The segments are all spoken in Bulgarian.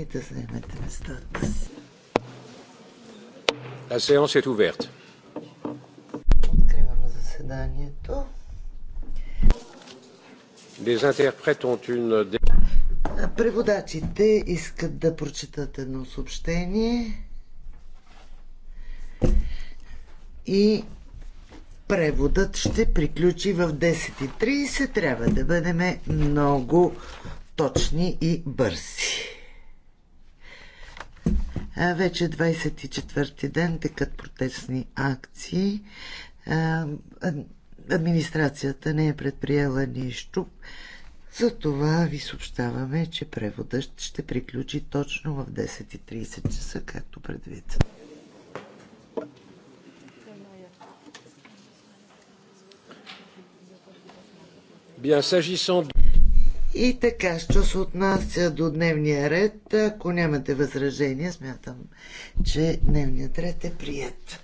и да заемете местата си. La séance est ouverte. заседанието. Les interprètes ont une... Преводачите искат да прочитат едно съобщение и преводът ще приключи в 10.30. Трябва да бъдем много точни и бързи. Вече 24-ти е ден текат протестни акции. Администрацията не е предприела нищо. Затова ви съобщаваме, че преводът ще приключи точно в 10.30 часа, както предвид. Bien, s'agissant de... И така, що се отнася до дневния ред, ако нямате възражения, смятам, че дневният ред е прият.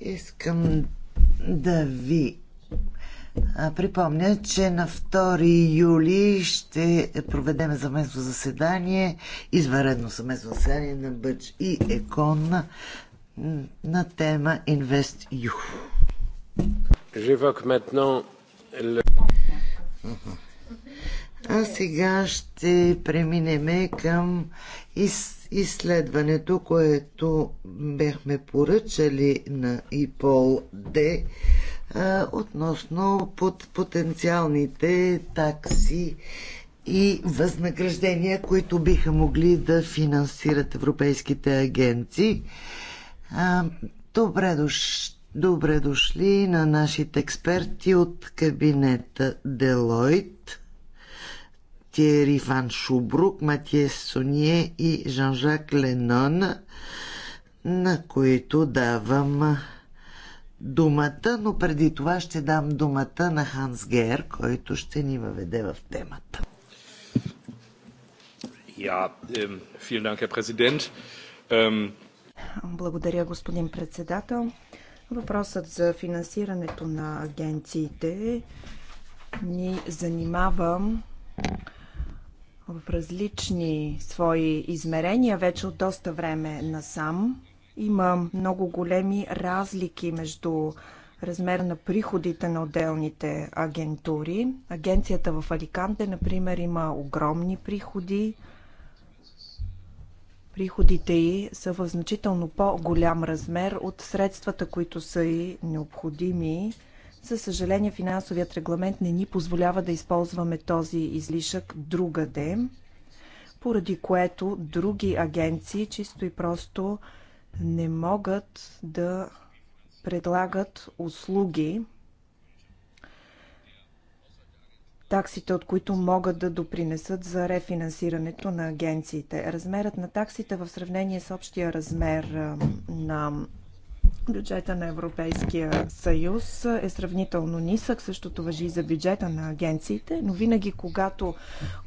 Искам да ви Припомня, че на 2 юли ще проведем заместно заседание, изваредно съвместно заседание на Бъч и Екон на, на тема Invest You. J'évoque maintenant le... Uh-huh. А сега ще преминеме към из, изследването, което бяхме поръчали на ИПОЛ Д относно под потенциалните такси и възнаграждения, които биха могли да финансират европейските агенции. А, добре, дош, добре дошли на нашите експерти от кабинета Делойт. Тиери Ван Шубрук, Матие Соние и Жан-Жак Ленон, на които давам думата, но преди това ще дам думата на Ханс Гер, който ще ни въведе в темата. Ja, ähm, vielen Dank, Herr Präsident. Ähm, Благодаря, господин председател. Въпросът за финансирането на агенциите ни занимава в различни свои измерения вече от доста време насам. Има много големи разлики между размер на приходите на отделните агентури. Агенцията в Аликанте, например, има огромни приходи. Приходите й са в значително по-голям размер от средствата, които са й необходими за съжаление, финансовият регламент не ни позволява да използваме този излишък другаде, поради което други агенции чисто и просто не могат да предлагат услуги, таксите, от които могат да допринесат за рефинансирането на агенциите. Размерът на таксите в сравнение с общия размер на Бюджета на Европейския съюз е сравнително нисък, същото въжи и за бюджета на агенциите, но винаги когато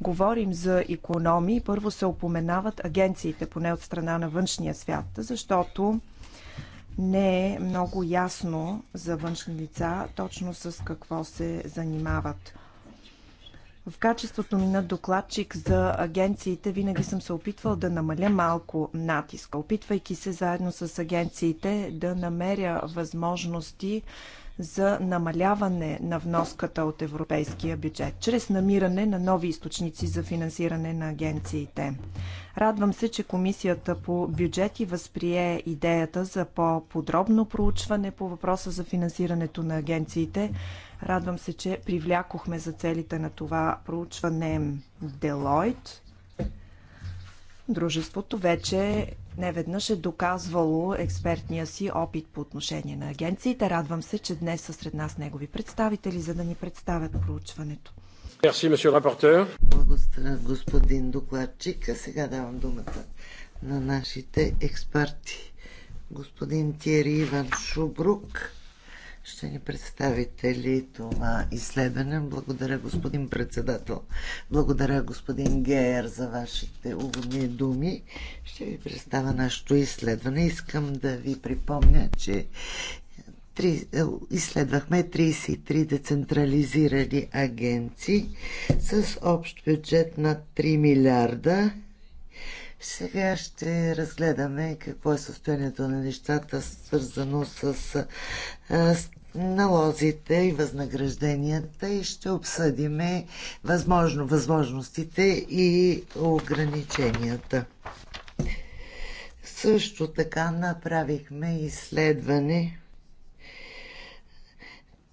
говорим за економии, първо се упоменават агенциите, поне от страна на външния свят, защото не е много ясно за външни лица точно с какво се занимават. В качеството ми на докладчик за агенциите винаги съм се опитвал да намаля малко натиска, опитвайки се заедно с агенциите да намеря възможности за намаляване на вноската от европейския бюджет, чрез намиране на нови източници за финансиране на агенциите. Радвам се, че Комисията по бюджети възприе идеята за по-подробно проучване по въпроса за финансирането на агенциите Радвам се, че привлякохме за целите на това проучване Делойт. Дружеството вече неведнъж е доказвало експертния си опит по отношение на агенциите. Радвам се, че днес са сред нас негови представители, за да ни представят проучването. Мерси, Благодаря, господин докладчик. А сега давам думата на нашите експерти. Господин Тиери Иван Шубрук ще ни представите ли това изследване. Благодаря, господин председател. Благодаря, господин Геер, за вашите уводни думи. Ще ви представя нашето изследване. Искам да ви припомня, че три, е, изследвахме 33 децентрализирани агенции с общ бюджет над 3 милиарда сега ще разгледаме какво е състоянието на нещата, свързано с налозите и възнагражденията и ще обсъдиме възможно възможностите и ограниченията. Също така направихме изследване,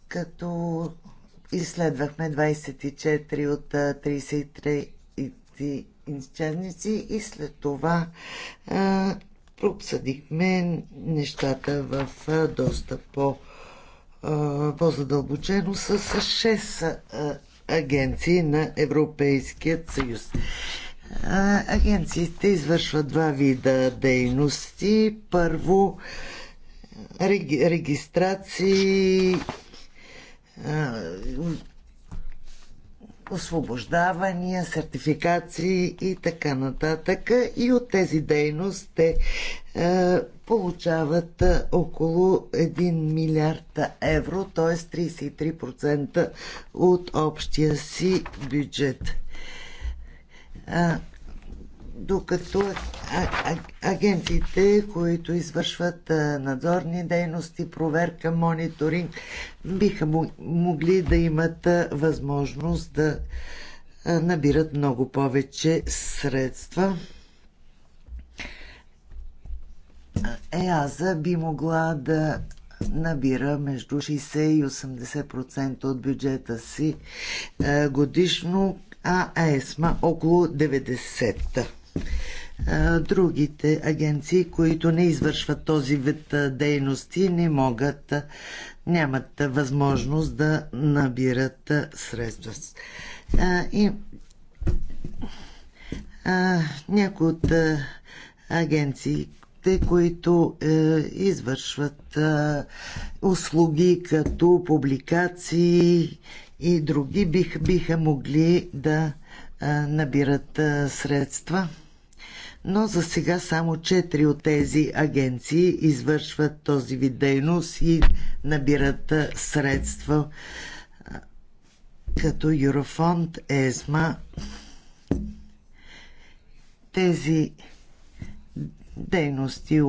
като изследвахме 24 от 33 изчезници и след това а, обсъдихме нещата в а, доста по- по-задълбочено с 6 агенции на Европейският съюз. Агенциите извършват два вида дейности. Първо, регистрации, освобождавания, сертификации и така нататък. И от тези дейности те е, получават е, около 1 милиард евро, т.е. 33% от общия си бюджет. А, докато агентите, които извършват надзорни дейности, проверка, мониторинг, биха могли да имат възможност да набират много повече средства. ЕАЗа би могла да набира между 60 и 80% от бюджета си годишно, а ЕСМА около 90% другите агенции, които не извършват този вид дейности, не могат, нямат възможност да набират средства. И някои от агенциите, които е, извършват услуги като публикации и други, бих, биха могли да набират средства. Но за сега само 4 от тези агенции извършват този вид дейност и набират средства като Юрофонд, ЕСМА. Тези дейности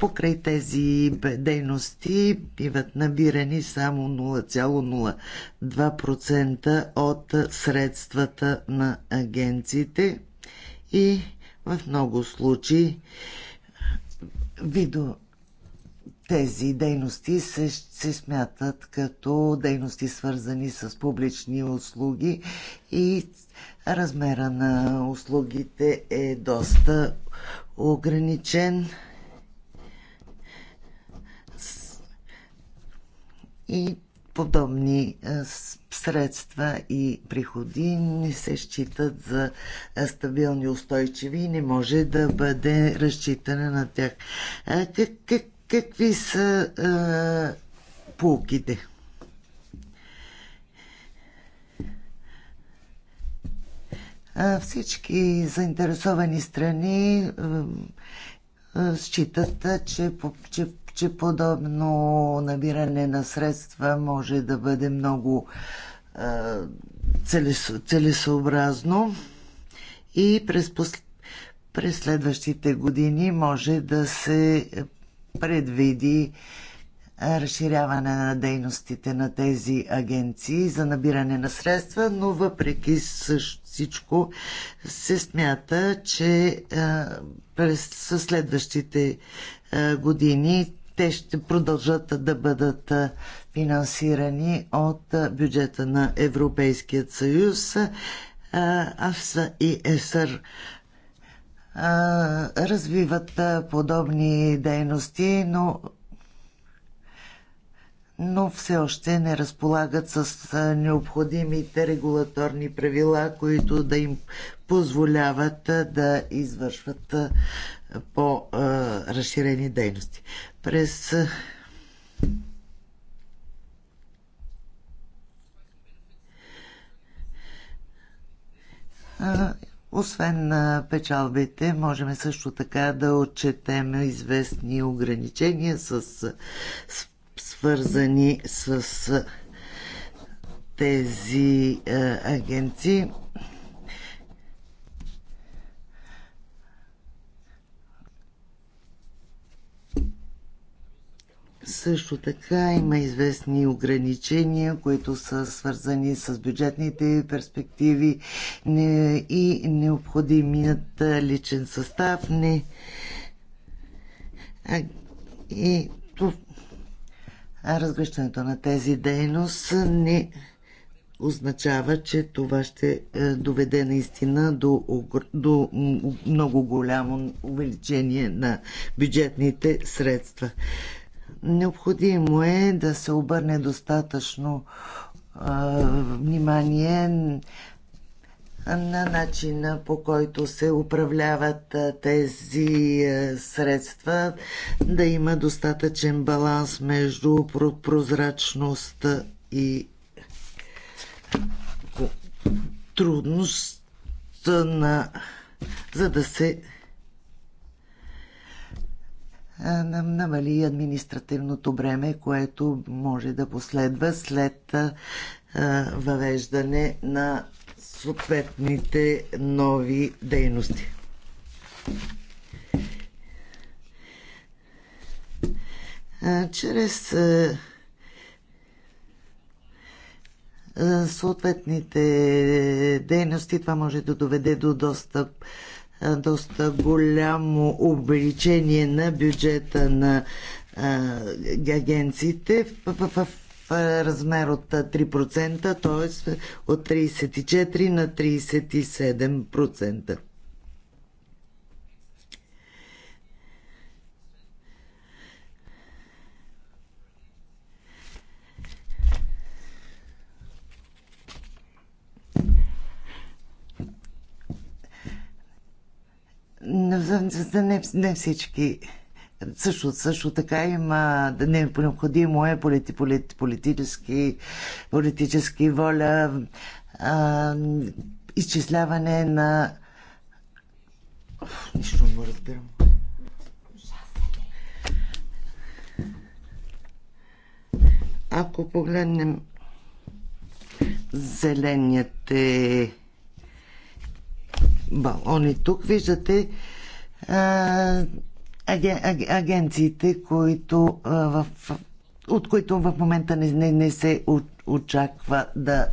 Покрай тези дейности биват набирани само 0,02% от средствата на агенциите и в много случаи видо тези дейности се, се смятат като дейности свързани с публични услуги и размера на услугите е доста ограничен. и подобни средства и приходи не се считат за стабилни, устойчиви и не може да бъде разчитане на тях. Как, как, какви са а, полуките? Всички заинтересовани страни а, а, считат, че, че че подобно набиране на средства може да бъде много целесообразно и през, посл... през следващите години може да се предвиди разширяване на дейностите на тези агенции за набиране на средства, но въпреки всичко се смята, че през следващите години те ще продължат да бъдат финансирани от бюджета на Европейският съюз, АФСА и ЕСР развиват подобни дейности, но но все още не разполагат с необходимите регулаторни правила, които да им позволяват да извършват по-разширени дейности. През освен на печалбите, можем също така да отчетем известни ограничения с, свързани с тези агенции Също така има известни ограничения, които са свързани с бюджетните перспективи и необходимият личен състав. Не. И разгръщането на тези дейност не означава, че това ще доведе наистина до, до много голямо увеличение на бюджетните средства. Необходимо е да се обърне достатъчно а, внимание на начина по който се управляват тези средства, да има достатъчен баланс между прозрачност и трудност на за да се намали административното бреме, което може да последва след въвеждане на съответните нови дейности. Чрез съответните дейности това може да доведе до доста доста голямо увеличение на бюджета на агенциите в, в, в размер от 3%, т.е. от 34 на 37%. за, за за не, не всички. Също, също така има не, необходимо е полит, полит, политически, политически воля, а, изчисляване на. Нищо не разбирам. Ако погледнем зеленият е балони. Тук виждате а, аген, агенциите, които, а, в, от които в момента не, не, не се очаква да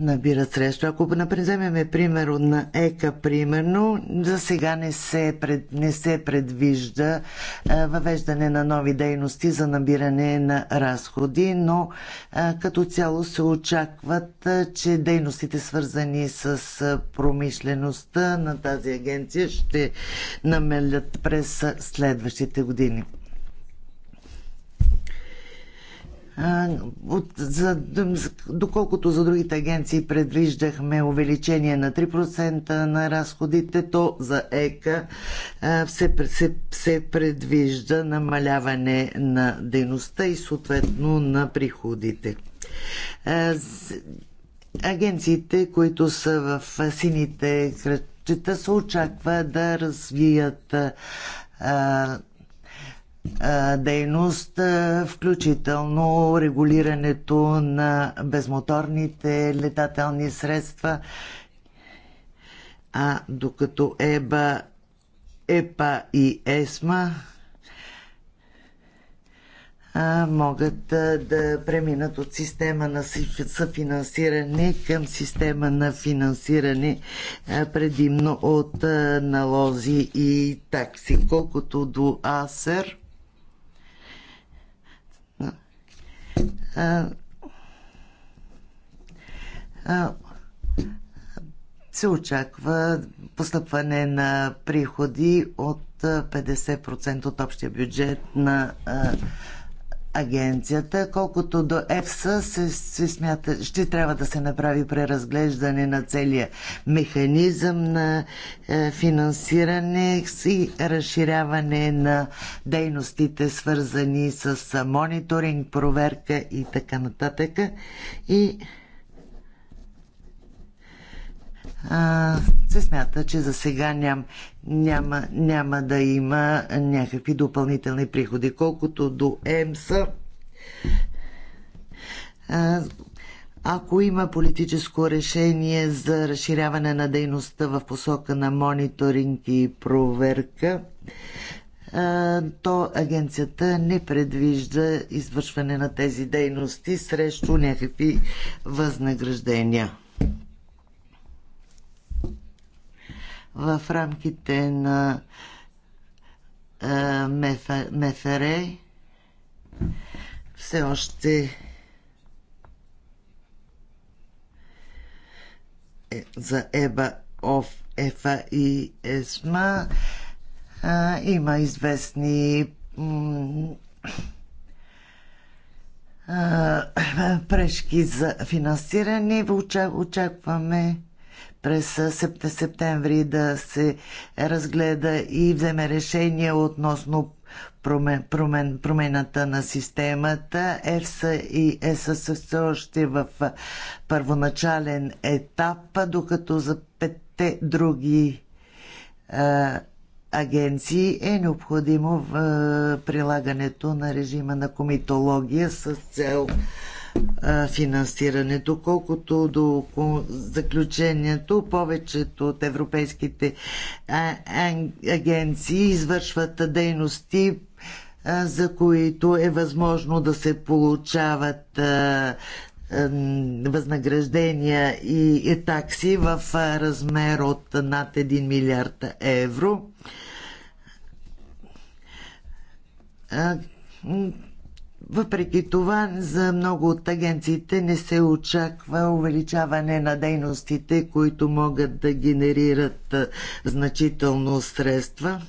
набират средства. Ако напреземеме пример на ЕКА, примерно, за сега не се, пред, не се предвижда а, е, въвеждане на нови дейности за набиране на разходи, но а, е, като цяло се очакват, а, е, че дейностите свързани с а, промишлеността на тази агенция ще намелят през следващите години. От, за, доколкото за другите агенции предвиждахме увеличение на 3% на разходите, то за ЕКА се, се, се предвижда намаляване на дейността и съответно на приходите. Агенциите, които са в сините кръчета, се очаква да развият дейност, включително регулирането на безмоторните летателни средства. А докато ЕБА, ЕПА и ЕСМА могат да преминат от система на съфинансиране към система на финансиране предимно от налози и такси. Колкото до АСЕР, се очаква постъпване на приходи от 50% от общия бюджет на агенцията. Колкото до ЕФСА, се, се смята, ще трябва да се направи преразглеждане на целия механизъм на е, финансиране и разширяване на дейностите, свързани с мониторинг, проверка и така нататък. И се смята, че за сега ням, няма, няма да има някакви допълнителни приходи. Колкото до ЕМСА, ако има политическо решение за разширяване на дейността в посока на мониторинг и проверка, то агенцията не предвижда извършване на тези дейности срещу някакви възнаграждения. в рамките на е, Мефере. все още е за ЕБА, ОФ, ЕФА и ЕСМА е, има известни а, е, прешки за финансиране. Очакваме през септември да се разгледа и вземе решение относно промен, промен, промената на системата. ЕФСА и ЕСА са все още в първоначален етап, докато за петте други а, агенции е необходимо в, а, прилагането на режима на комитология с цел финансиране. Доколкото до заключението, повечето от европейските агенции извършват дейности, за които е възможно да се получават възнаграждения и такси в размер от над 1 милиард евро въпреки това, за много от агенциите не се очаква увеличаване на дейностите, които могат да генерират значително средства.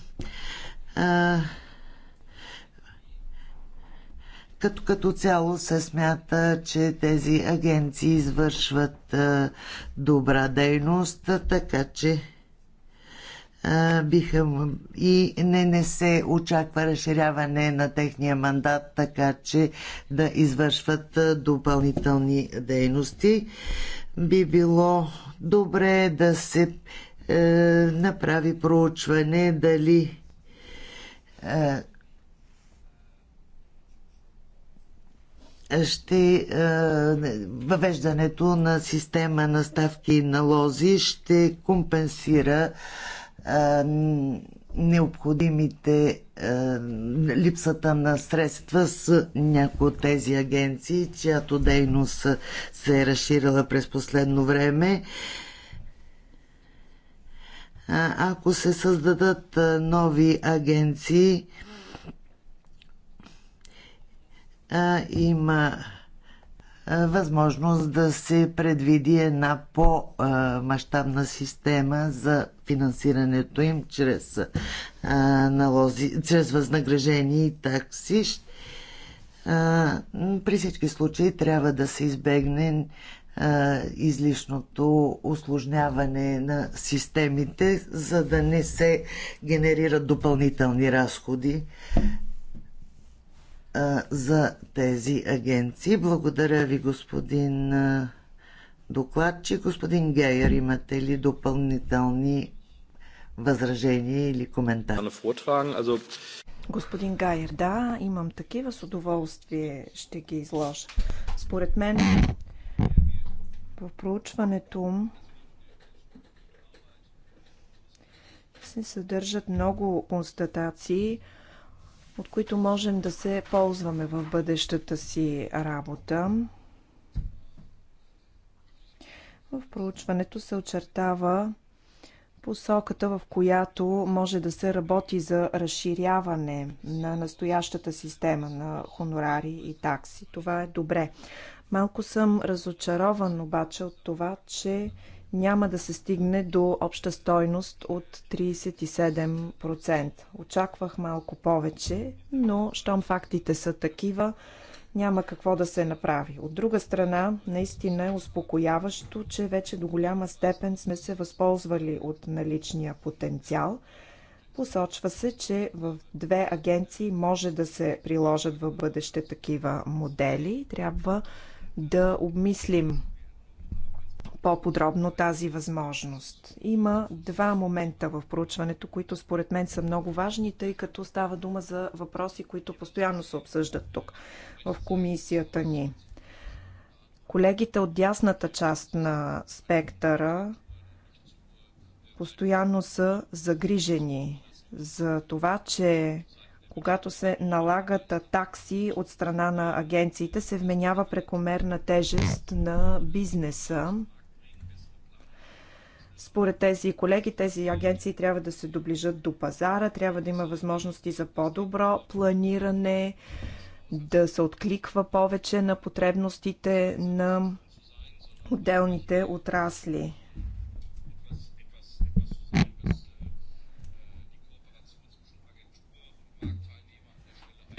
Като, като цяло се смята, че тези агенции извършват добра дейност, така че биха и не, не се очаква разширяване на техния мандат, така че да извършват допълнителни дейности. Би било добре да се е, направи проучване дали е, ще е, въвеждането на система на ставки и налози ще компенсира необходимите липсата на средства с някои от тези агенции, чиято дейност се е разширила през последно време. Ако се създадат нови агенции, има възможност да се предвиди една по-масштабна система за финансирането им чрез, а, налози, чрез възнаграждение и такси. А, при всички случаи трябва да се избегне а, излишното осложняване на системите, за да не се генерират допълнителни разходи а, за тези агенции. Благодаря ви, господин докладчик. Господин Гейер, имате ли допълнителни възражение или коментар. Господин Гайер, да, имам такива, с удоволствие ще ги изложа. Според мен в проучването се съдържат много констатации, от които можем да се ползваме в бъдещата си работа. В проучването се очертава посоката, в която може да се работи за разширяване на настоящата система на хонорари и такси. Това е добре. Малко съм разочарован обаче от това, че няма да се стигне до обща стойност от 37%. Очаквах малко повече, но щом фактите са такива, няма какво да се направи. От друга страна, наистина е успокояващо, че вече до голяма степен сме се възползвали от наличния потенциал. Посочва се, че в две агенции може да се приложат в бъдеще такива модели. Трябва да обмислим по-подробно тази възможност. Има два момента в проучването, които според мен са много важни, тъй като става дума за въпроси, които постоянно се обсъждат тук в комисията ни. Колегите от дясната част на спектъра постоянно са загрижени за това, че когато се налагат такси от страна на агенциите, се вменява прекомерна тежест на бизнеса. Според тези колеги, тези агенции трябва да се доближат до пазара, трябва да има възможности за по-добро планиране, да се откликва повече на потребностите на отделните отрасли.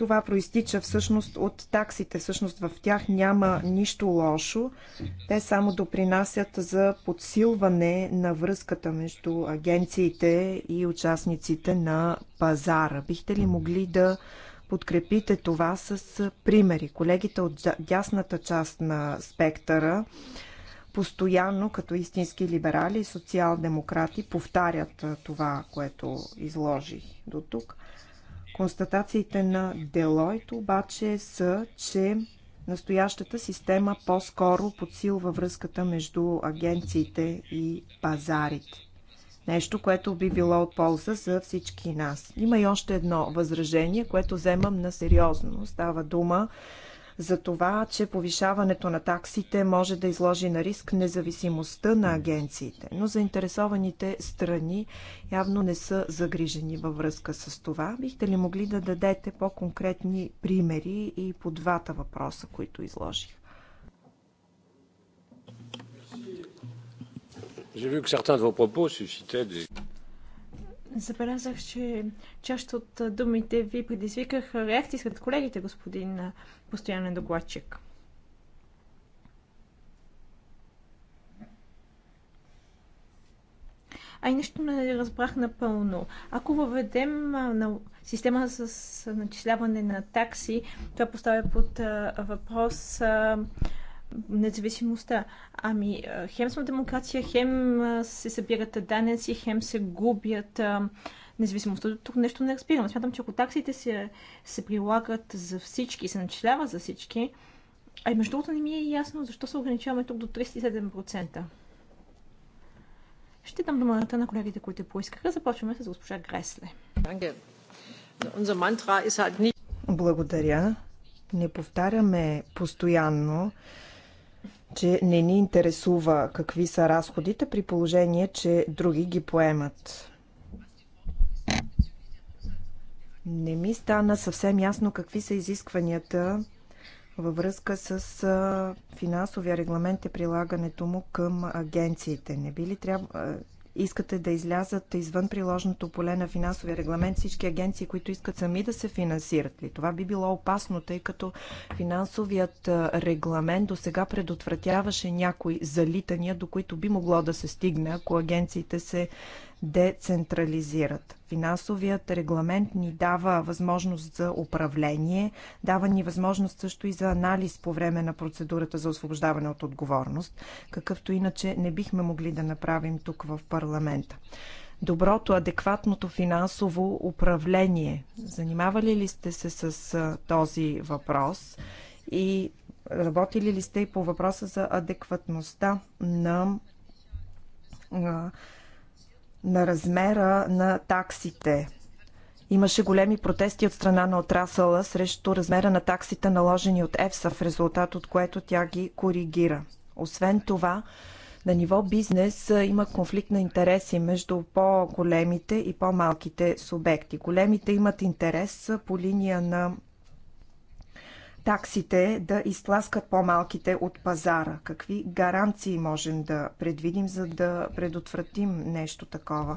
Това проистича всъщност от таксите. Всъщност в тях няма нищо лошо. Те само допринасят за подсилване на връзката между агенциите и участниците на пазара. Бихте ли могли да подкрепите това с примери? Колегите от дясната част на спектъра постоянно като истински либерали и социал-демократи повтарят това, което изложих до тук. Констатациите на Делойт обаче са, че настоящата система по-скоро подсилва връзката между агенциите и пазарите. Нещо, което би било от полза за всички нас. Има и още едно възражение, което вземам на сериозно. Става дума за това, че повишаването на таксите може да изложи на риск независимостта на агенциите. Но заинтересованите страни явно не са загрижени във връзка с това. Бихте ли могли да дадете по-конкретни примери и по двата въпроса, които изложих? J'ai vu que certains de vos propos suscitaient des... Забелязах, че част от думите ви предизвикаха реакции сред колегите, господин постоянен докладчик. А и нещо не разбрах напълно. Ако въведем на система с начисляване на такси, това поставя под въпрос независимостта. Ами, хем сме демокрация, хем се събират данъци, хем се губят независимостта. Тук нещо не разбирам. Смятам, че ако таксите се, се прилагат за всички, се начислява за всички, а и между другото не ми е ясно защо се ограничаваме тук до 37%. Ще дам думата на колегите, които поискаха. Започваме с госпожа Гресле. Благодаря. Не повтаряме постоянно че не ни интересува какви са разходите, при положение, че други ги поемат. Не ми стана съвсем ясно какви са изискванията във връзка с финансовия регламент и прилагането му към агенциите. Не би ли трябва, искате да излязат извън приложното поле на финансовия регламент всички агенции, които искат сами да се финансират ли? Това би било опасно, тъй като финансовият регламент до сега предотвратяваше някои залитания, до които би могло да се стигне, ако агенциите се децентрализират. Финансовият регламент ни дава възможност за управление, дава ни възможност също и за анализ по време на процедурата за освобождаване от отговорност, какъвто иначе не бихме могли да направим тук в парламента доброто, адекватното финансово управление. Занимавали ли сте се с този въпрос и работили ли сте и по въпроса за адекватността на на размера на таксите. Имаше големи протести от страна на отрасъла срещу размера на таксите, наложени от ЕФСА, в резултат от което тя ги коригира. Освен това, на ниво бизнес има конфликт на интереси между по-големите и по-малките субекти. Големите имат интерес по линия на таксите да изтласкат по-малките от пазара? Какви гаранции можем да предвидим, за да предотвратим нещо такова?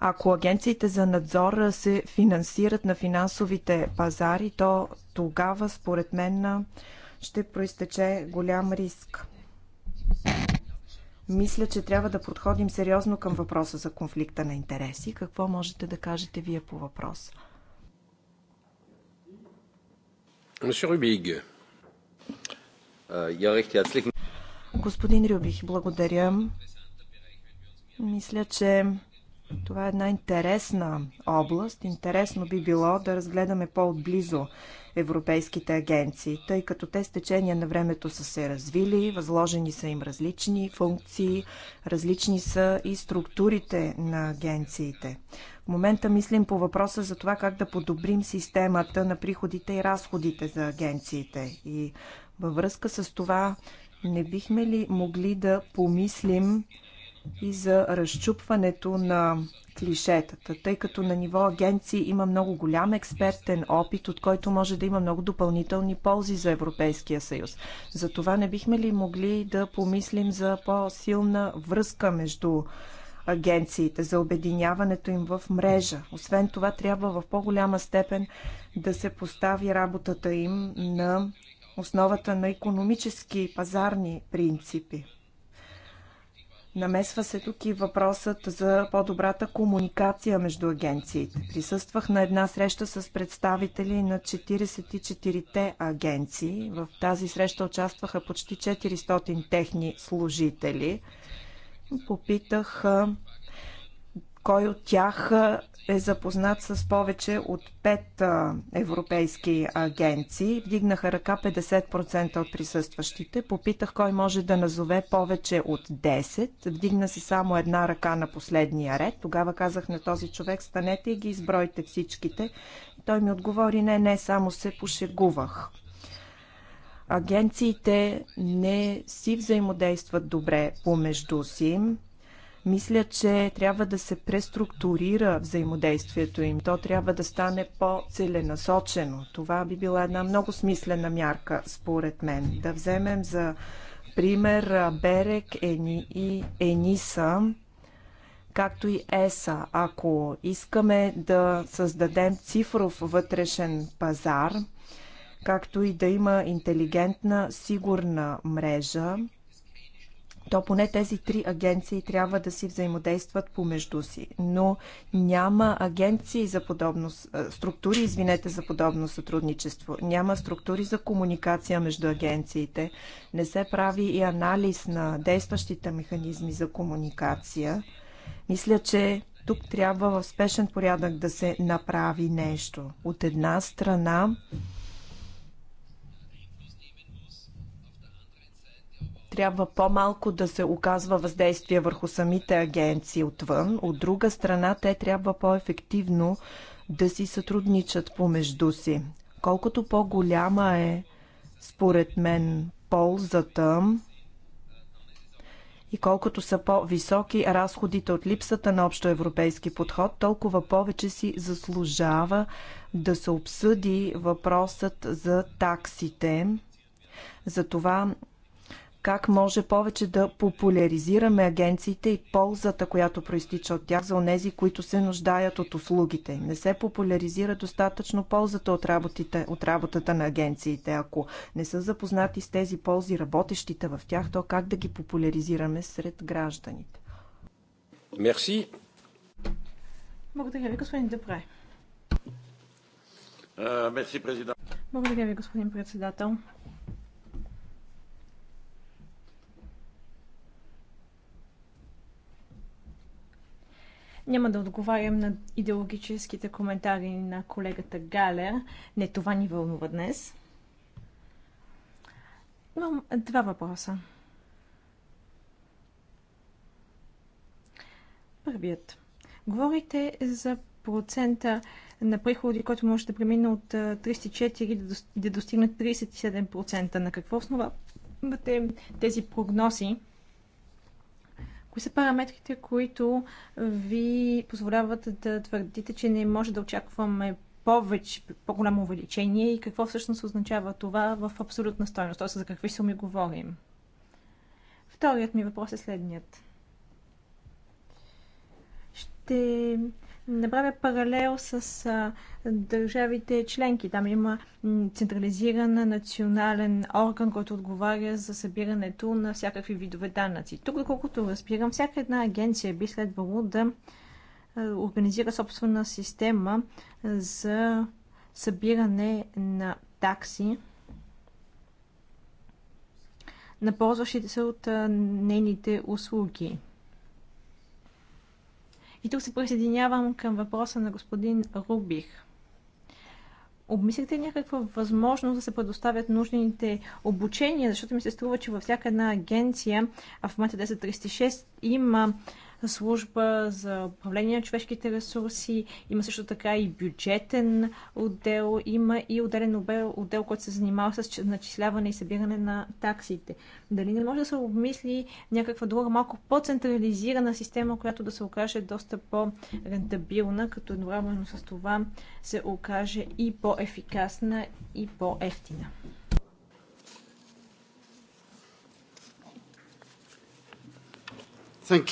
Ако агенциите за надзор се финансират на финансовите пазари, то тогава, според мен, ще проистече голям риск. Мисля, че трябва да подходим сериозно към въпроса за конфликта на интереси. Какво можете да кажете вие по въпроса? Euh, е Господин Рюбих, благодаря. Мисля, че това е една интересна област. Интересно би било да разгледаме по-отблизо европейските агенции, тъй като те с течение на времето са се развили, възложени са им различни функции, различни са и структурите на агенциите. В момента мислим по въпроса за това как да подобрим системата на приходите и разходите за агенциите. И във връзка с това не бихме ли могли да помислим и за разчупването на клишетата, тъй като на ниво агенции има много голям експертен опит, от който може да има много допълнителни ползи за Европейския съюз. За това не бихме ли могли да помислим за по-силна връзка между агенциите, за обединяването им в мрежа. Освен това, трябва в по-голяма степен да се постави работата им на основата на економически пазарни принципи. Намесва се тук и въпросът за по-добрата комуникация между агенциите. Присъствах на една среща с представители на 44-те агенции. В тази среща участваха почти 400 техни служители. Попитах кой от тях е запознат с повече от 5 европейски агенции. Вдигнаха ръка 50% от присъстващите. Попитах кой може да назове повече от 10. Вдигна се само една ръка на последния ред. Тогава казах на този човек, станете и ги избройте всичките. Той ми отговори, не, не, само се пошегувах агенциите не си взаимодействат добре помежду си. Мисля, че трябва да се преструктурира взаимодействието им. То трябва да стане по-целенасочено. Това би била една много смислена мярка, според мен. Да вземем за пример Берек, Ени и Ениса, както и ЕСА. Ако искаме да създадем цифров вътрешен пазар, както и да има интелигентна, сигурна мрежа, то поне тези три агенции трябва да си взаимодействат помежду си. Но няма агенции за подобно, структури, извинете, за подобно сътрудничество. Няма структури за комуникация между агенциите. Не се прави и анализ на действащите механизми за комуникация. Мисля, че тук трябва в спешен порядък да се направи нещо. От една страна, трябва по-малко да се оказва въздействие върху самите агенции отвън. От друга страна, те трябва по-ефективно да си сътрудничат помежду си. Колкото по-голяма е, според мен, ползата и колкото са по-високи разходите от липсата на общо европейски подход, толкова повече си заслужава да се обсъди въпросът за таксите. Затова как може повече да популяризираме агенциите и ползата, която проистича от тях за онези, които се нуждаят от услугите. Не се популяризира достатъчно ползата от, работите, от работата на агенциите. Ако не са запознати с тези ползи работещите в тях, то как да ги популяризираме сред гражданите? Мерси. Благодаря ви, господин Депре. Мерси, президент. Благодаря ви, господин председател. Няма да отговарям на идеологическите коментари на колегата Галер. Не, това ни вълнува днес. Имам два въпроса. Първият. Говорите за процента на приходи, който може да премине от 34 да достигне 37%. На какво основа тези прогнози? Кои са параметрите, които ви позволяват да твърдите, че не може да очакваме повече, по-голямо увеличение и какво всъщност означава това в абсолютна стойност, т.е. за какви суми говорим? Вторият ми въпрос е следният. Ще направя паралел с а, държавите членки. Там има централизиран национален орган, който отговаря за събирането на всякакви видове данъци. Тук, доколкото разбирам, всяка една агенция би следвало да организира собствена система за събиране на такси на ползващите се от нейните услуги. И тук се присъединявам към въпроса на господин Рубих. Обмислите някаква възможност да се предоставят нужните обучения, защото ми се струва, че във всяка една агенция, а в момента 1036 има служба за управление на човешките ресурси, има също така и бюджетен отдел, има и отделен отдел, отдел който се занимава с начисляване и събиране на таксите. Дали не може да се обмисли някаква друга малко по-централизирана система, която да се окаже доста по-рентабилна, като едновременно с това се окаже и по-ефикасна и по-ефтина? Uh,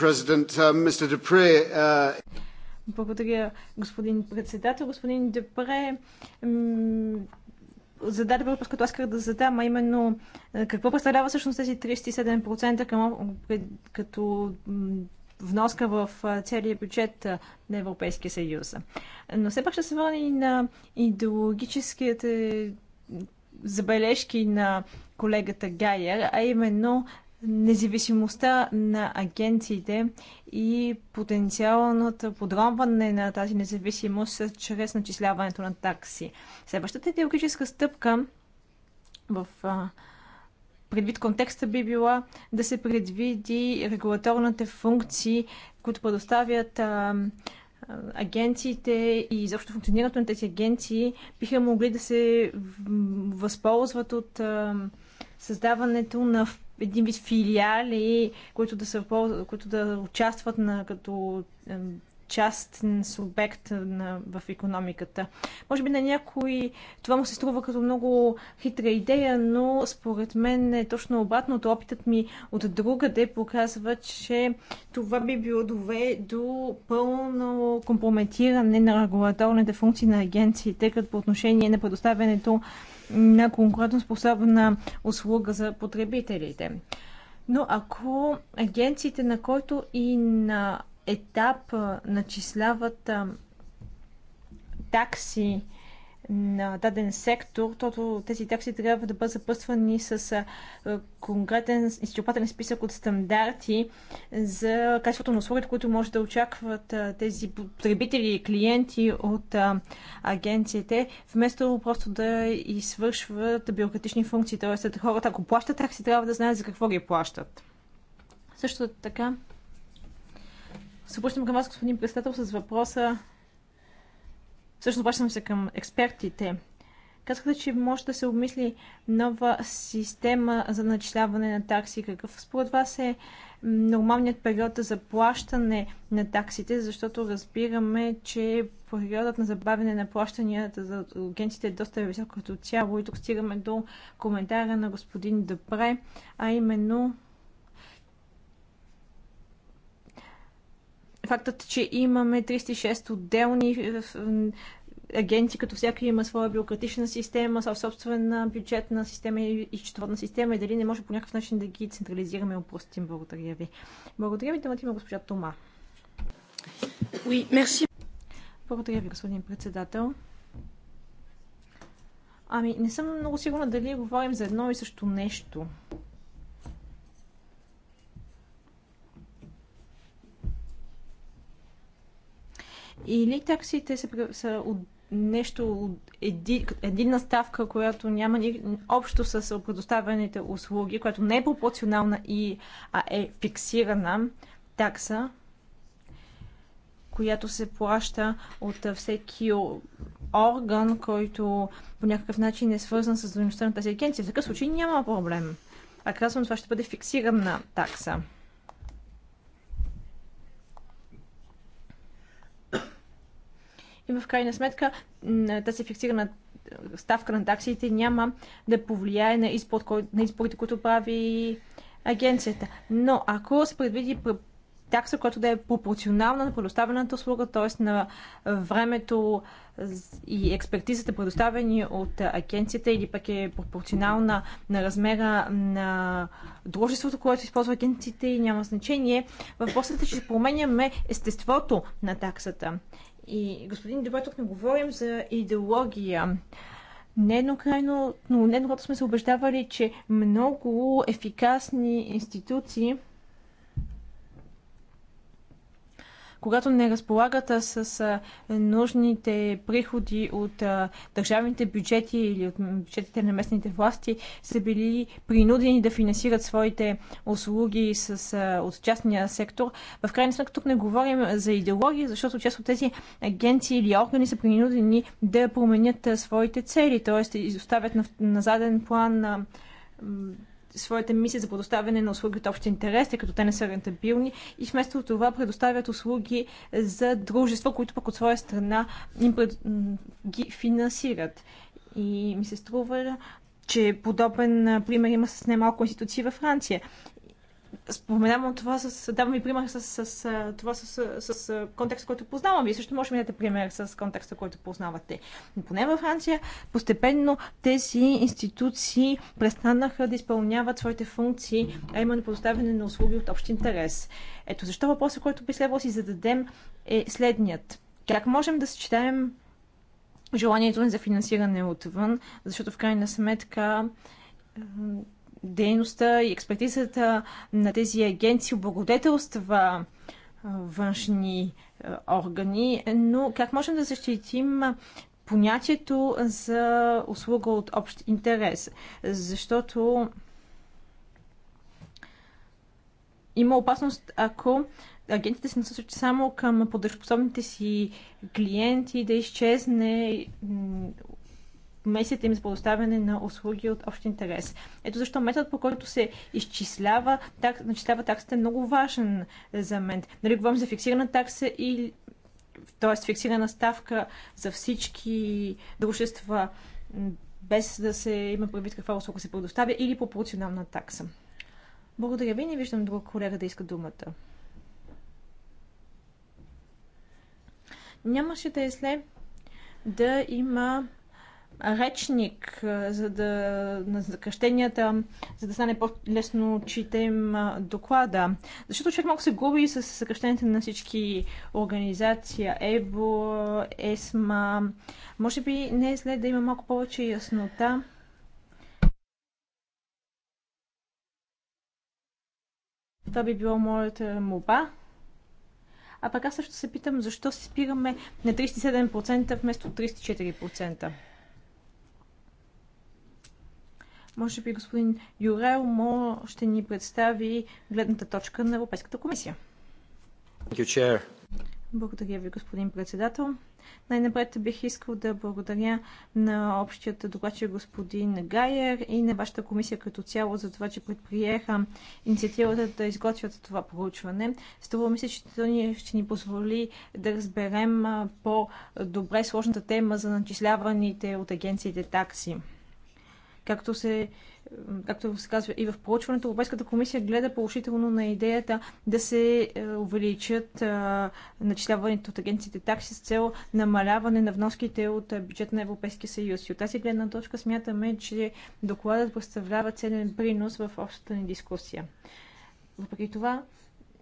uh, uh, Благодаря, господин председател. Господин Депре, зададе въпрос, като аз да задам, а именно е, какво представлява всъщност тези 37% към, като вноска в е, целия бюджет е, на Европейския съюз. Но все пак ще се върна и на идеологическите забележки на колегата Гайер, а именно независимостта на агенциите и потенциалното подробване на тази независимост чрез начисляването на такси. Следващата идеологическа стъпка в предвид контекста би била да се предвиди регулаторните функции, които предоставят а, агенциите и изобщо функционирането на тези агенции биха могли да се възползват от а, създаването на един вид филиали, които да, са, които да участват на, като на субект на, в економиката. Може би на някой това му се струва като много хитра идея, но според мен е точно обратното. Опитът ми от другаде показва, че това би било дове до пълно компрометиране на регулаторните функции на агенциите, като по отношение на предоставянето на конкурентоспособна услуга за потребителите. Но ако агенциите на който и на етап начисляват такси на даден сектор, то тези такси трябва да бъдат запъствани с конкретен изчерпателен списък от стандарти за качеството на услугите, които може да очакват тези потребители и клиенти от агенциите, вместо просто да извършват бюрократични функции. т.е. хората, ако плащат такси, трябва да знаят за какво ги плащат. Също така, се обръщам към вас, господин председател, с въпроса Всъщност обръщам се към експертите. Казахте, че може да се обмисли нова система за начисляване на такси. Какъв според вас е нормалният период за плащане на таксите, защото разбираме, че периодът на забавяне на плащанията за агенците е доста висок като цяло и тук стигаме до коментара на господин Дъпре, а именно фактът, че имаме 306 отделни е, агенции, като всяка има своя бюрократична система, собствена бюджетна система и счетоводна система и дали не може по някакъв начин да ги централизираме и упростим. Благодаря ви. Благодаря ви, темата има госпожа Тома. Oui, merci. Благодаря ви, господин председател. Ами, не съм много сигурна дали говорим за едно и също нещо. Или таксите са, са от нещо, един, единна ставка, която няма ни, общо с предоставените услуги, която не е пропорционална и а е фиксирана такса, която се плаща от всеки орган, който по някакъв начин е свързан с дейността на тази агенция. В такъв случай няма проблем. А казвам, това ще бъде фиксирана такса. и в крайна сметка тази фиксирана ставка на таксите няма да повлияе на, изпод, на изборите, които прави агенцията. Но ако се предвиди такса, която да е пропорционална на предоставената услуга, т.е. на времето и експертизата, предоставени от агенцията, или пък е пропорционална на размера на дружеството, което използва агенците и няма значение. Въпросът е, че променяме естеството на таксата. И господин Дебой, тук не говорим за идеология. Нееднократно, но нееднократно сме се убеждавали, че много ефикасни институции когато не разполагат с нужните приходи от държавните бюджети или от бюджетите на местните власти, са били принудени да финансират своите услуги с, от частния сектор. В крайна сметка тук не говорим за идеология, защото част от тези агенции или органи са принудени да променят своите цели, т.е. изоставят на, на заден план А, своята мисия за предоставяне на услуги от общ интерес, тъй като те не са рентабилни и вместо това предоставят услуги за дружества, които пък от своя страна им пред... ги финансират. И ми се струва, че подобен пример има с немалко институции във Франция. Споменавам това с... Давам и пример с, с, с това с, с, с контекста, който познавам. Вие също може да дадете пример с контекста, който познавате. Но поне във Франция постепенно тези институции престанаха да изпълняват своите функции, а именно предоставяне на услуги от общ интерес. Ето защо въпросът, който би следвало си зададем е следният. Как можем да съчетаем желанието ни за финансиране отвън, защото в крайна сметка дейността и експертизата на тези агенции облагодетелства външни органи, но как можем да защитим понятието за услуга от общ интерес? Защото има опасност, ако агентите се насочат само към поддържоспособните си клиенти, да изчезне комисията им за предоставяне на услуги от общ интерес. Ето защо методът, по който се изчислява, так, начислява таксата е много важен за мен. Нали, говорим за фиксирана такса и т.е. фиксирана ставка за всички дружества, без да се има предвид каква услуга се предоставя или пропорционална такса. Благодаря ви, не виждам друг колега да иска думата. Нямаше да е след да има речник, за да на закръщенията, за да стане по-лесно читем доклада. Защото човек малко се губи с съкръщенията на всички организации, ЕБО, ЕСМА. Може би не е след да има малко повече яснота. Това би било моята моба. А пък аз също се питам, защо се спираме на 37% вместо 34%. Може би господин Юрел Мо ще ни представи гледната точка на Европейската комисия. You, благодаря ви, господин председател. Най-напред бих искал да благодаря на общията докладчик господин Гайер и на вашата комисия като цяло за това, че предприеха инициативата да изготвят това проучване. Струва ми се, че то ни, ще ни позволи да разберем по-добре сложната тема за начисляваните от агенциите такси. Както се, както се казва и в проучването, Европейската комисия гледа положително на идеята да се е, увеличат е, начисляването от агенциите такси с цел намаляване на вноските от бюджет на Европейския съюз. И от тази гледна точка смятаме, че докладът представлява ценен принос в общата ни дискусия. Въпреки това,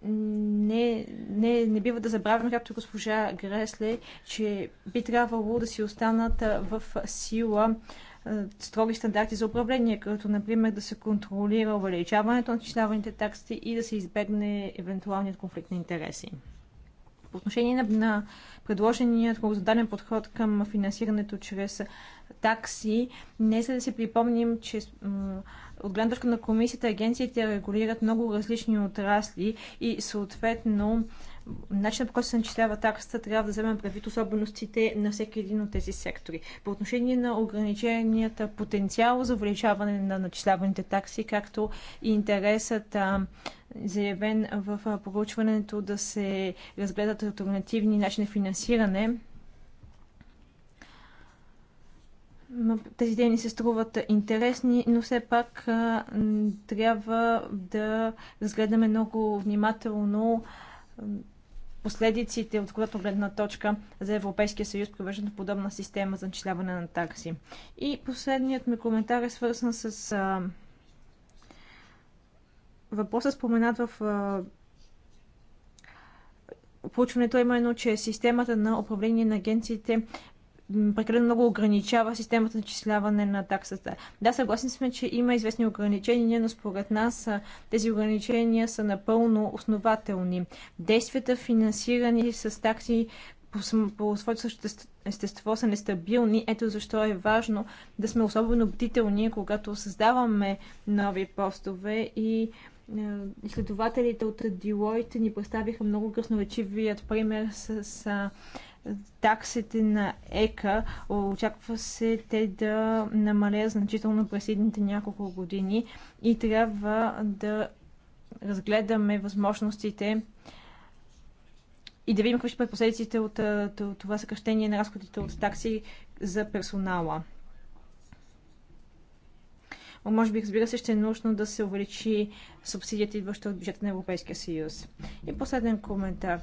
не, не, не бива да забравяме, както госпожа Гресле, че би трябвало да си останат е, в сила е, строги стандарти за управление, като например да се контролира увеличаването на начисляваните такси и да се избегне евентуалният конфликт на интереси. По отношение на, на предложеният хоризонтален подход към финансирането чрез такси, не за да си припомним, че от гледна точка на комисията агенциите регулират много различни отрасли и съответно начинът по който се начислява таксата трябва да вземем предвид особеностите на всеки един от тези сектори. По отношение на ограниченията потенциал за увеличаване на начисляваните такси, както и интересът заявен в проучването да се разгледат альтернативни начини на финансиране, тези идеи ни се струват интересни, но все пак а, трябва да разгледаме много внимателно последиците от която гледна точка за Европейския съюз провеждат подобна система за начисляване на такси. И последният ми коментар е свързан с а, въпроса споменат в а, Получването е именно, че системата на управление на агенциите прекалено много ограничава системата на числяване на таксата. Да, съгласни сме, че има известни ограничения, но според нас тези ограничения са напълно основателни. Действията, финансирани с такси, по, по своето естество са нестабилни. Ето защо е важно да сме особено бдителни, когато създаваме нови постове и изследователите от Deloitte ни представиха много красноречивият пример с таксите на ЕКА. Очаква се те да намалят значително през следните няколко години и трябва да разгледаме възможностите и да видим какви ще бъдат последиците от това съкръщение на разходите от такси за персонала. Може би, разбира се, ще е нужно да се увеличи субсидията, идваща от бюджета на Европейския съюз. И последен коментар.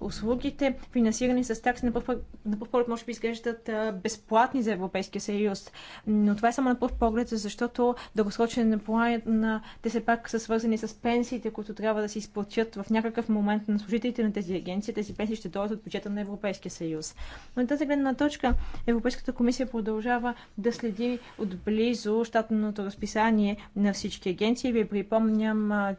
Услугите, финансирани с такси, на първ поглед може би изглеждат безплатни за Европейския съюз, но това е само на първ поглед, защото дългосрочен план на те се пак са свързани с пенсиите, които трябва да се изплатят в някакъв момент на служителите на тези агенции. Тези пенсии ще дойдат от бюджета на Европейския съюз. Но от тази гледна точка Европейската комисия продължава да следи отблизо щатното разписание на всички агенции. Ви припомня споменам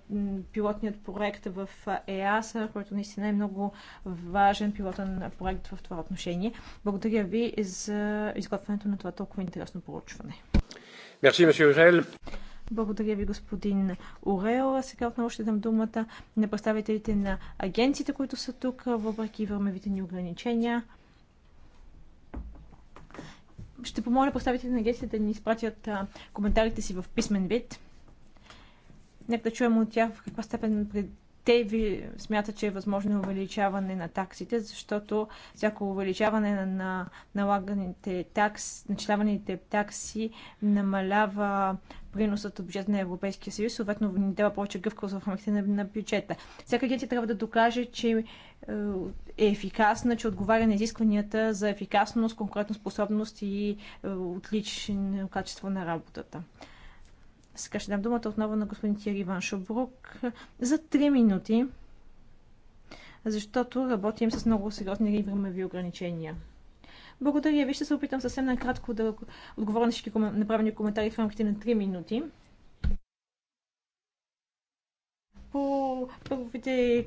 пилотният проект в ЕАСА, който наистина е много важен пилотен проект в това отношение. Благодаря ви за изготвянето на това толкова интересно проучване. Мерси, благодаря ви, господин Орел. Сега отново ще дам думата на представителите на агенциите, които са тук, въпреки времевите ни ограничения. Ще помоля представителите на агенциите да ни изпратят коментарите си в писмен вид. Нека да чуем от тях в каква степен те ви смятат, че е възможно увеличаване на таксите, защото всяко увеличаване на налаганите такси, начисляваните такси намалява приносът от бюджета на Европейския съюз, съответно ни дава повече гъвкавост в рамките на, на бюджета. Всяка агенция трябва да докаже, че е, е ефикасна, че отговаря на изискванията за ефикасност, конкурентоспособност и е, отлично качество на работата. Сега ще дам думата отново на господин Тири Иван Шобрук за 3 минути, защото работим с много сериозни времеви ограничения. Благодаря ви. Ще се опитам съвсем накратко да отговоря на всички направени коментари в рамките на 3 минути. По първите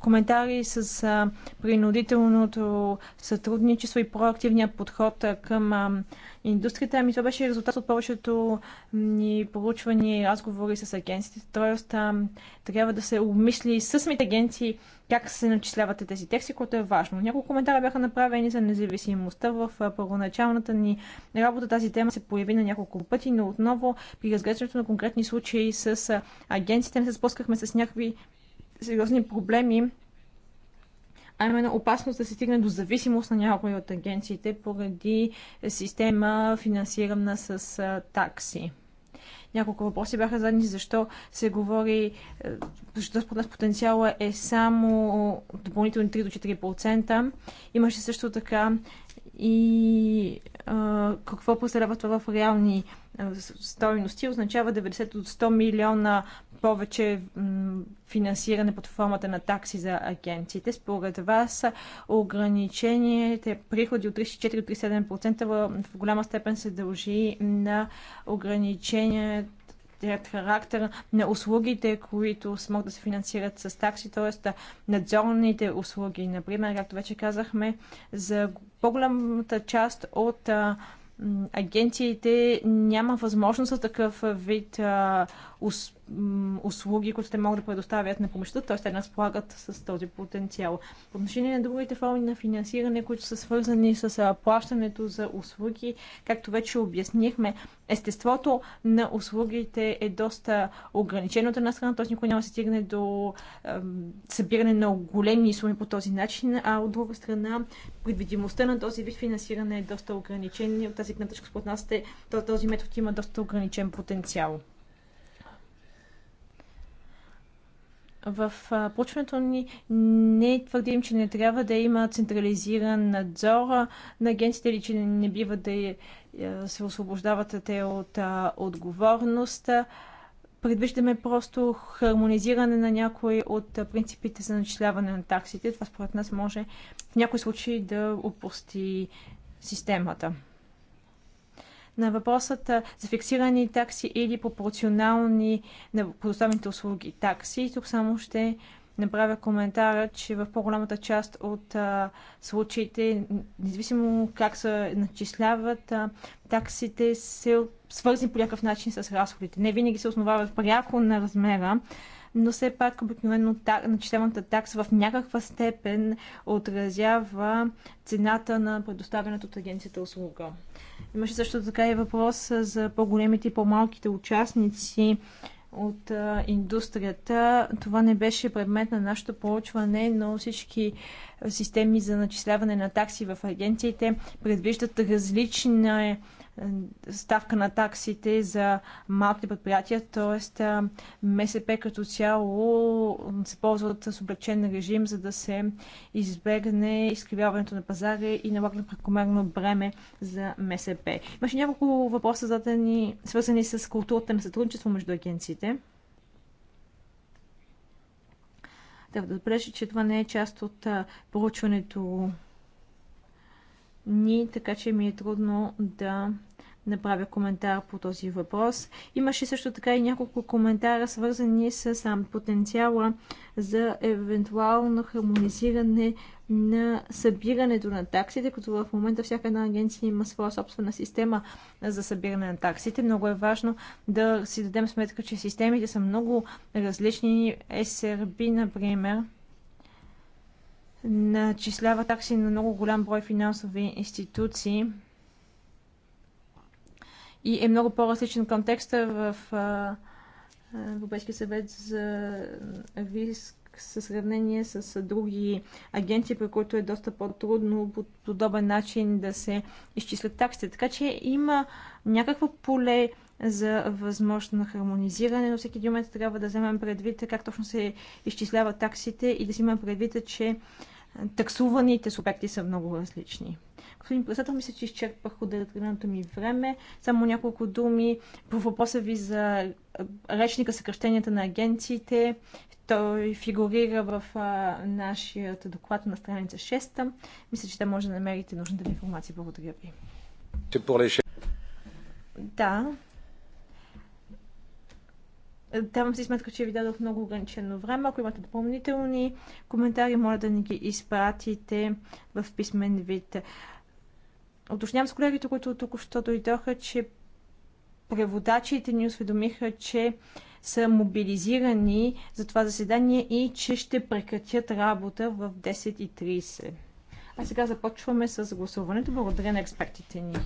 коментари с а, принудителното сътрудничество и проактивния подход а, към а, индустрията. Ами това беше резултат от повечето ни поручвани разговори с агенциите. Тоест, а, трябва да се обмисли с самите агенции как се начисляват тези тексти, което е важно. Няколко коментара бяха направени за независимостта. В първоначалната ни работа тази тема се появи на няколко пъти, но отново при разглеждането на конкретни случаи с агенциите не се спускахме с някакви сериозни проблеми, а именно опасност да се стигне до зависимост на някои от агенциите поради система финансирана с такси. Няколко въпроси бяха задни, защо се говори, е, защото според нас потенциала е само допълнителни 3 до 4%. Имаше също така и а, какво представлява това в реални стоености, Означава 90 от 100 милиона повече финансиране под формата на такси за агенциите. Според вас ограниченията, приходи от 34-37% в голяма степен се дължи на ограничението характер на услугите, които смогат да се финансират с такси, т.е. надзорните услуги. Например, както вече казахме, за по-голямата част от агенциите няма възможност за такъв вид а, ус, услуги, които те могат да предоставят на помощта, т.е. те разполагат с този потенциал. По отношение на другите форми на финансиране, които са свързани с плащането за услуги, както вече обяснихме, естеството на услугите е доста ограничено от една страна, т.е. никой няма да стигне до е, събиране на големи суми по този начин, а от друга страна предвидимостта на този вид финансиране е доста ограничен и от тази гледна точка според нас този метод има доста ограничен потенциал. В почването ни не твърдим, че не трябва да има централизиран надзор на агенците или че не бива да е, се освобождават те от отговорност. Предвиждаме просто хармонизиране на някои от принципите за начисляване на таксите. Това според нас може в някои случаи да опусти системата на въпросът за фиксирани такси или пропорционални на предоставените услуги такси. Тук само ще направя коментара, че в по-голямата част от а, случаите, независимо как се начисляват, а, таксите се свързани по някакъв начин с разходите. Не винаги се основават пряко на размера но все пак обикновено начисляваната такса в някаква степен отразява цената на предоставената от агенцията услуга. Имаше също така и въпрос за по-големите и по-малките участници от а, индустрията. Това не беше предмет на нашето проучване, но всички системи за начисляване на такси в агенциите предвиждат различни е, ставка на таксите за малките предприятия, т.е. Е, МСП като цяло се ползват с облегчен режим, за да се избегне изкривяването на пазара и налагане прекомерно бреме за МСП. Имаше няколко въпроса, задани, свързани с културата на сътрудничество между агенциите. Трябва да отбележа, че това не е част от е, проучването ни, така че ми е трудно да направя коментар по този въпрос. Имаше също така и няколко коментара, свързани с сам потенциала за евентуално хармонизиране на събирането на таксите, като в момента всяка една агенция има своя собствена система за събиране на таксите. Много е важно да си дадем сметка, че системите са много различни. SRB, например, начислява такси на много голям брой финансови институции и е много по-различен контекста в Европейския съвет за риск със сравнение с други агенции, при които е доста по-трудно по подобен начин да се изчислят таксите. Така че има някакво поле за възможно хармонизиране, но всеки един момент трябва да вземем предвид как точно се изчисляват таксите и да си имам предвид, че таксуваните субекти са много различни. Господин председател, мисля, че изчерпах отделеното ми време. Само няколко думи по въпроса ви за речника съкръщенията на агенциите. Той фигурира в нашия доклад на страница 6. Мисля, че там може да намерите нужната ви информация. Благодаря ви. Да, там е, си сметка, че ви дадох много ограничено време. Ако имате допълнителни коментари, моля да ни ги изпратите в писмен вид. Уточнявам с колегите, които току-що дойдоха, че преводачите ни осведомиха, че са мобилизирани за това заседание и че ще прекратят работа в 10.30. А сега започваме с гласуването. Благодаря на експертите ни.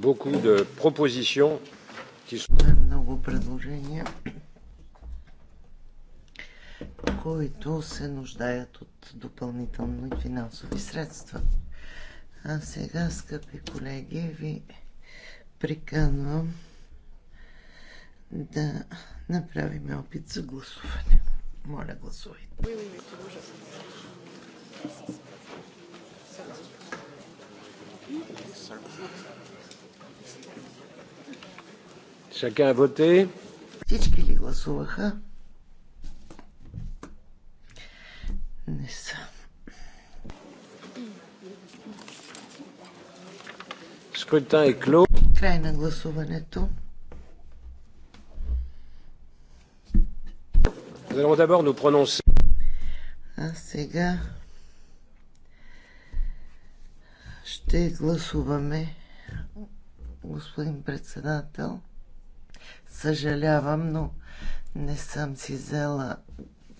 Beaucoup de propositions много предложения, които се нуждаят от допълнителни финансови средства. А сега, скъпи колеги, ви приканвам да направим опит за гласуване. Моля, гласувайте. Thank you. Всички ли гласуваха? Не са. Скрута е кло. Край на гласуването. А сега ще гласуваме, господин председател. Съжалявам, но не съм си взела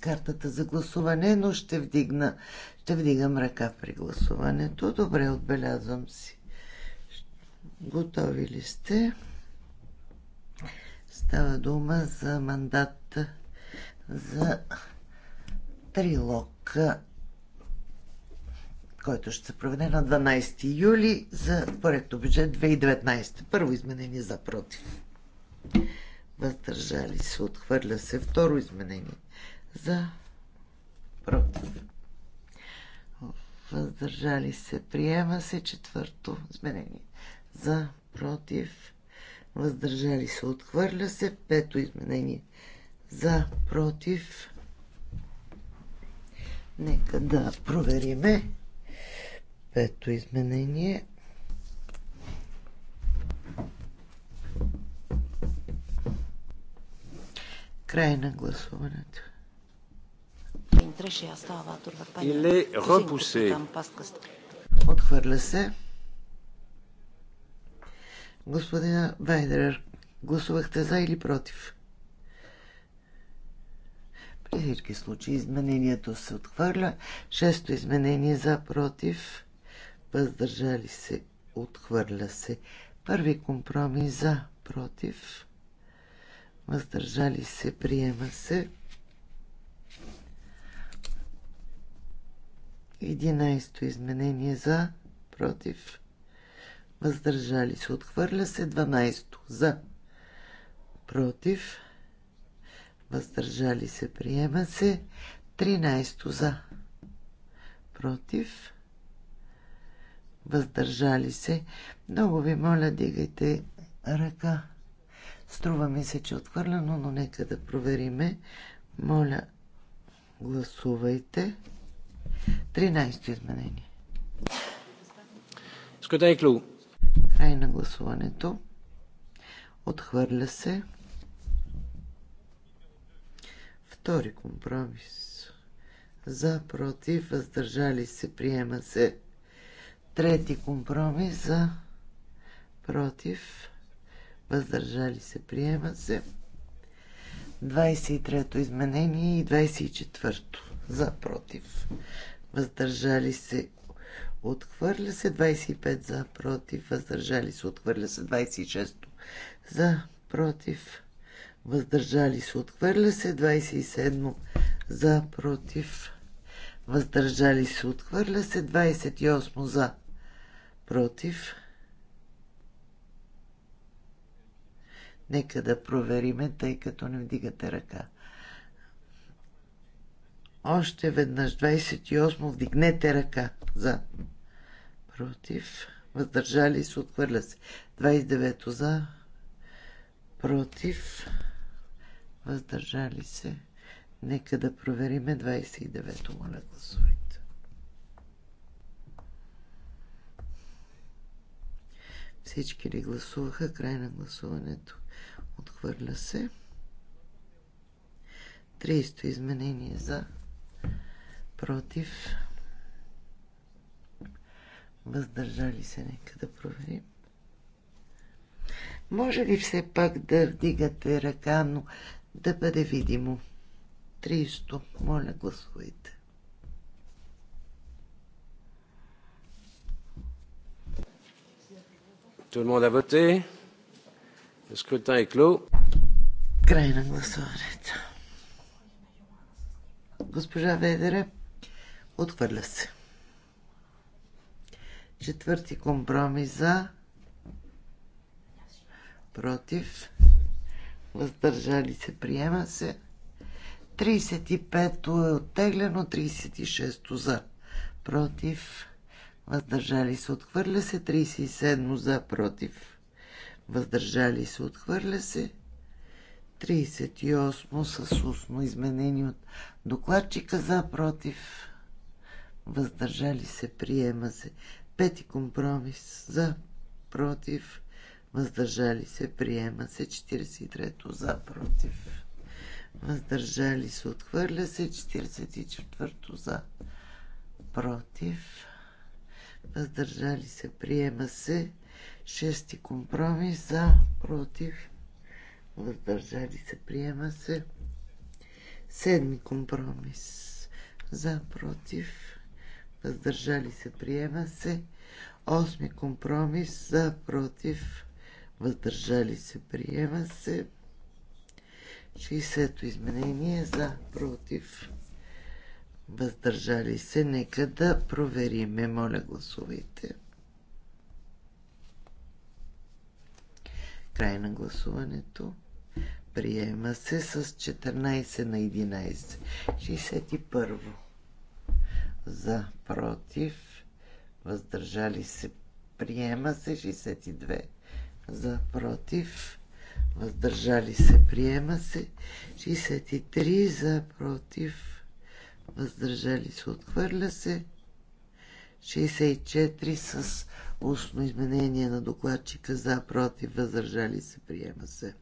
картата за гласуване, но ще вдигна. Ще вдигам ръка при гласуването. Добре, отбелязвам си. Готови ли сте? Става дума за мандат за трилог, който ще се проведе на 12 юли за проекто бюджет 2019. Първо изменение за против въздържали се, отхвърля се. Второ изменение за против. Въздържали се, приема се. Четвърто изменение за против. Въздържали се, отхвърля се. Пето изменение за против. Нека да провериме пето изменение. Край на гласуването. Или репусе. Отхвърля се. Господин Вайдер, гласувахте за или против? При всички случаи изменението се отхвърля. Шесто изменение за против. Въздържали се. Отхвърля се. Първи компромис за против въздържали се, приема се. 11 изменение за, против, въздържали се, отхвърля се. 12 за, против, въздържали се, приема се. 13 за, против, въздържали се. Много ви моля, дигайте ръка. Струва ми се, че е отхвърлено, но нека да провериме. Моля, гласувайте. 13 изменение. Скотай е клуб. Край на гласуването. Отхвърля се. Втори компромис. За, против, въздържали се, приема се. Трети компромис за, против, въздържали се, приема се. 23-то изменение и 24-то за против. Въздържали се, отхвърля се 25 за против, въздържали се, отхвърля се 26-то за против, въздържали се, отхвърля се 27 за против, въздържали се, отхвърля се 28 за против Нека да провериме, тъй като не вдигате ръка. Още веднъж 28. Вдигнете ръка. За. Против. Въздържали се. Отхвърля се. 29. За. Против. Въздържали се. Нека да провериме 29-то, моля гласувайте. Всички ли гласуваха край на гласуването? Отхвърля се. 30 изменение за. Против. Въздържали се. Нека да проверим. Може ли все пак да вдигате ръка, но да бъде видимо? 300. Моля, гласувайте. Tout le monde a voté Скрутен е клю. Край на гласуването. Госпожа Ведере, отхвърля се. Четвърти компромис за против въздържали се, приема се. 35-то е оттеглено, 36-то за против въздържали се, отхвърля се, 37-то за против въздържали се, отхвърля се. 38 с устно изменение от докладчика за, против, въздържали се, приема се. Пети компромис за, против, въздържали се, приема се. 43-то за, против, въздържали се, отхвърля се. 44-то за, против, въздържали се, приема се. Шести компромис за, против, въздържали се, приема се. Седми компромис за, против, въздържали се, приема се. Осми компромис за, против, въздържали се, приема се. 60-то изменение за, против, въздържали се. Нека да провериме. Моля, гласувайте. Край на гласуването. Приема се с 14 на 11. 61. За, против, въздържали се. Приема се 62. За, против, въздържали се. Приема се 63. За, против, въздържали се. Отхвърля се. 64 с устно изменение на докладчика за, против, въздържали се, приема се.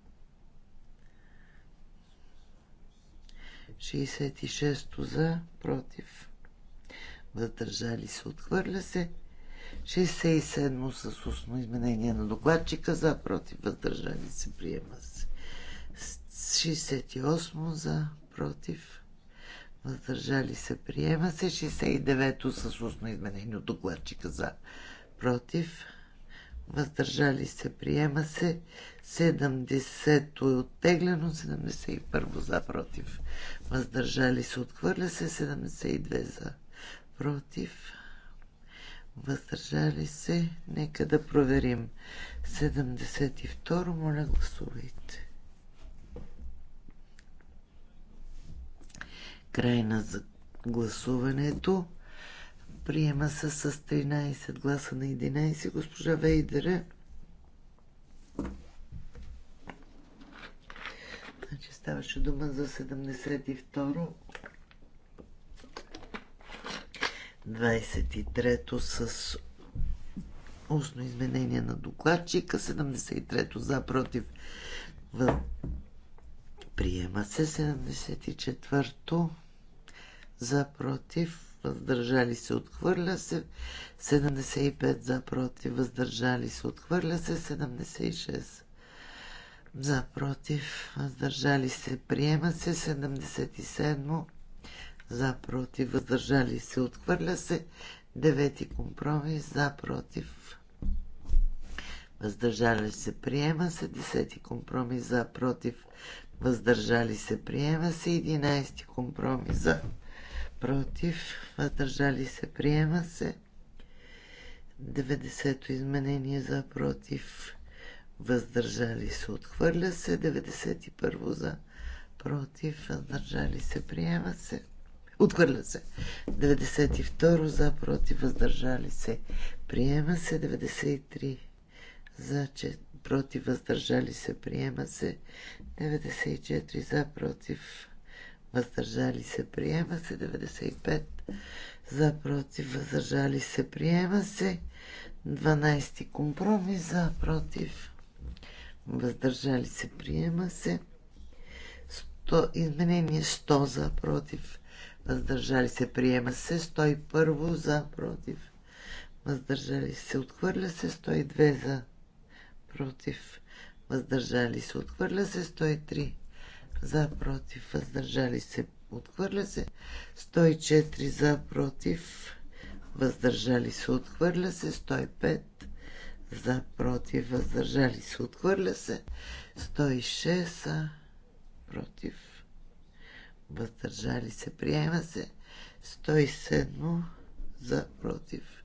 66 за, против, въздържали се, отхвърля се. 67 с устно изменение на докладчика за, против, въздържали се, приема се. 68 за, против, въздържали се, приема се. 69-то с устно изменение от докладчика за, против, въздържали се, приема се. 70-то е оттеглено, 71-то за, против, въздържали се, отхвърля се, 72 за, против, въздържали се. Нека да проверим. 72-ро, моля гласувайте. Край на гласуването. Приема се с 13 гласа на 11 госпожа Вейдера. Значи ставаше дума за 72-ро. 23-то с устно изменение на докладчика, 73-то за против в... Приема се 74-то за против, въздържали се, отхвърля се. 75 за против, въздържали се, отхвърля се. 76 за против, въздържали се, приема се. 77 за против, въздържали се, отхвърля се. Девети компромис за против. Въздържали се, приема се. Десети компромис за против. Въздържали се, приема се. Единайсти компромис за против против, въздържали се, приема се. 90-то изменение за против, въздържали се, отхвърля се. 91-во за против, въздържали се, приема се. Отхвърля се. 92 за против, въздържали се. Приема се 93 за че против, въздържали се. Приема се 94 за против, въздържали се, приема се 95 за против, въздържали се, приема се 12 компромис за против, въздържали се, приема се 100, изменение 100 за против, въздържали се, приема се 101 за против, въздържали се, отхвърля се 102 за против, въздържали се, отхвърля се 103 за против, въздържали се, отхвърля се. 104 за против, въздържали се, отхвърля се. 105 за против, въздържали се, отхвърля се. 106 за против, въздържали се, приема се. 107 за против,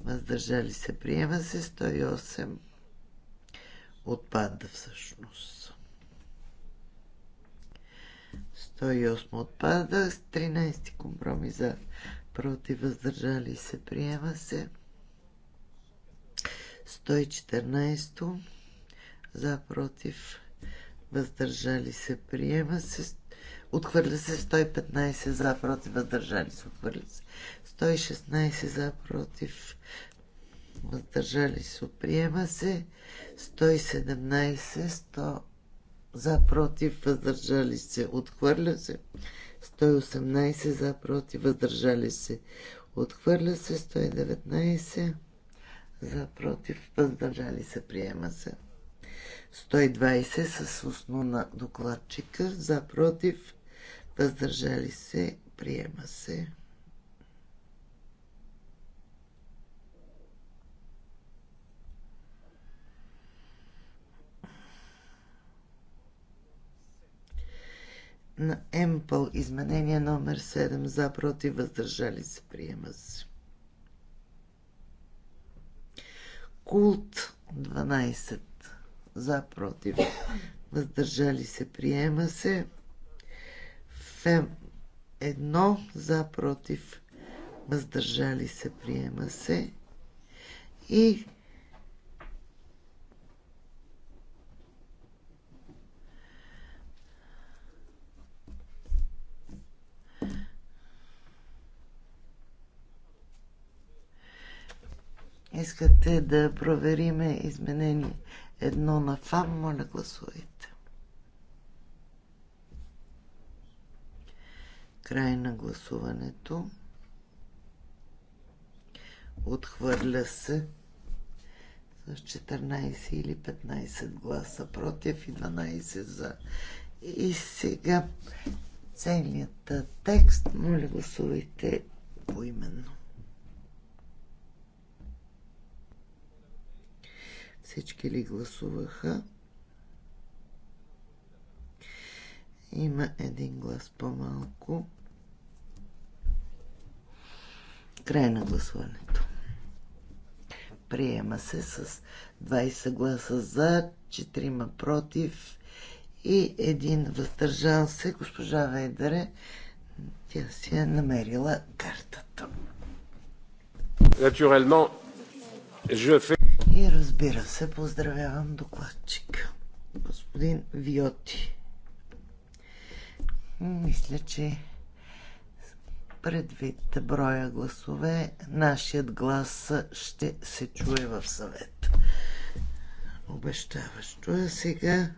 въздържали се, приема се. 108 отпада всъщност. 108 отпада. 13 компромис за против въздържали се. Приема се. 114 за против въздържали се. Приема се. Отхвърля се 115 за против въздържали се. Отхвърля се. 116 за против въздържали се. Приема се 117, 100 за против, въздържали се, отхвърля се. 118 за против, въздържали се, отхвърля се. 119 за против, въздържали се, приема се. 120 с устно на докладчика за против, въздържали се, приема се. на Емпъл. Изменение номер 7 за против въздържали се. Приема се. Култ 12 за против въздържали се. Приема се. Фем 1 за против въздържали се. Приема се. И Искате да провериме изменение едно на ФАМ, моля гласувайте. Край на гласуването. Отхвърля се с 14 или 15 гласа против и 12 за. И сега целият текст, моля гласувайте поименно. Всички ли гласуваха? Има един глас по-малко. Край на гласуването. Приема се с 20 гласа за, 4 против и един въздържал се. Госпожа Вейдере, тя си е намерила картата. Натурално, je fais... И разбира се, поздравявам докладчика, господин Виоти. Мисля, че предвид броя гласове, нашият глас ще се чуе в съвет. Обещаващо е сега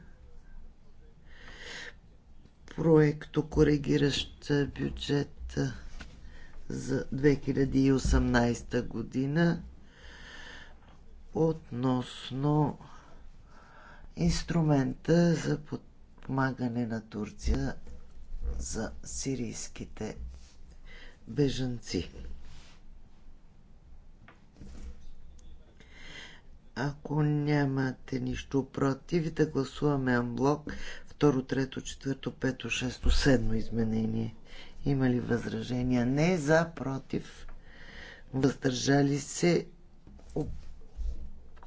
проекто коригиращ бюджет за 2018 година относно инструмента за подпомагане на Турция за сирийските бежанци. Ако нямате нищо против, да гласуваме амблок второ, трето, четвърто, пето, шесто, седмо изменение. Има ли възражения? Не, за, против. Въздържали се,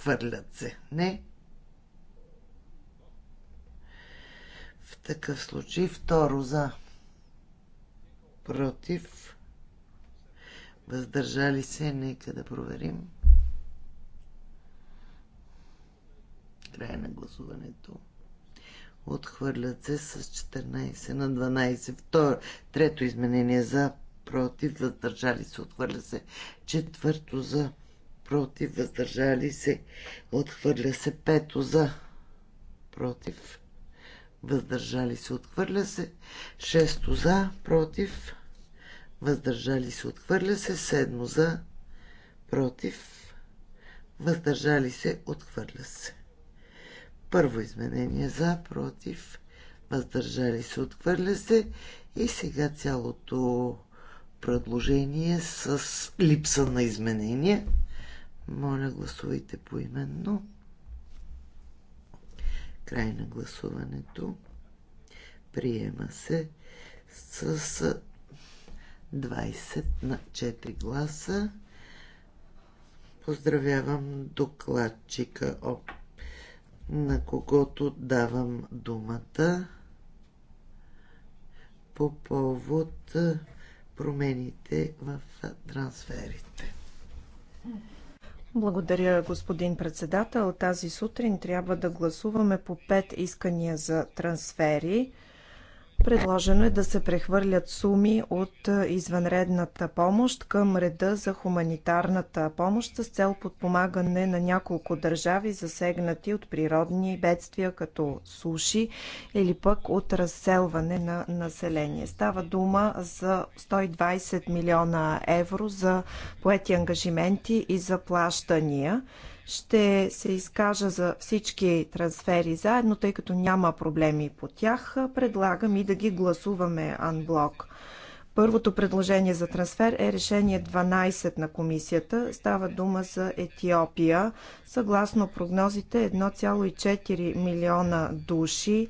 отхвърлят се. Не. В такъв случай второ за против въздържали се. Нека да проверим. Край на гласуването. Отхвърлят се с 14 на 12. Второ, трето изменение за против, въздържали се, отхвърля се. Четвърто за против, въздържали се, отхвърля се. Пето за, против, въздържали се, отхвърля се. Шесто за, против, въздържали се, отхвърля се. Седмо за, против, въздържали се, отхвърля се. Първо изменение за, против, въздържали се, отхвърля се. И сега цялото предложение с липса на изменения. Моля, гласувайте поименно. Край на гласуването. Приема се с 20 на 4 гласа. Поздравявам докладчика, на когото давам думата по повод промените в трансферите. Благодаря, господин председател. Тази сутрин трябва да гласуваме по пет искания за трансфери. Предложено е да се прехвърлят суми от извънредната помощ към реда за хуманитарната помощ с цел подпомагане на няколко държави, засегнати от природни бедствия, като суши или пък от разселване на население. Става дума за 120 милиона евро за поети ангажименти и заплащания. Ще се изкажа за всички трансфери заедно, тъй като няма проблеми по тях. Предлагам и да ги гласуваме анблок. Първото предложение за трансфер е решение 12 на комисията. Става дума за Етиопия. Съгласно прогнозите 1,4 милиона души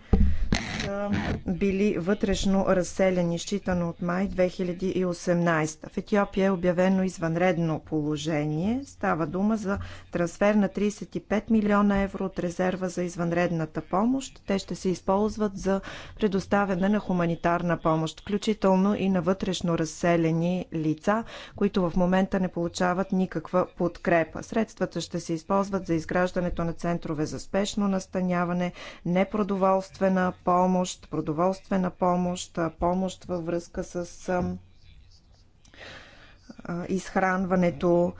са били вътрешно разселени, считано от май 2018. В Етиопия е обявено извънредно положение. Става дума за трансфер на 35 милиона евро от резерва за извънредната помощ. Те ще се използват за предоставяне на хуманитарна помощ, включително и на вътрешно разселени лица, които в момента не получават никаква подкрепа. Средствата ще се използват за изграждането на центрове за спешно настаняване, непродоволствена помощ, помощ, продоволствена помощ, помощ във връзка с изхранването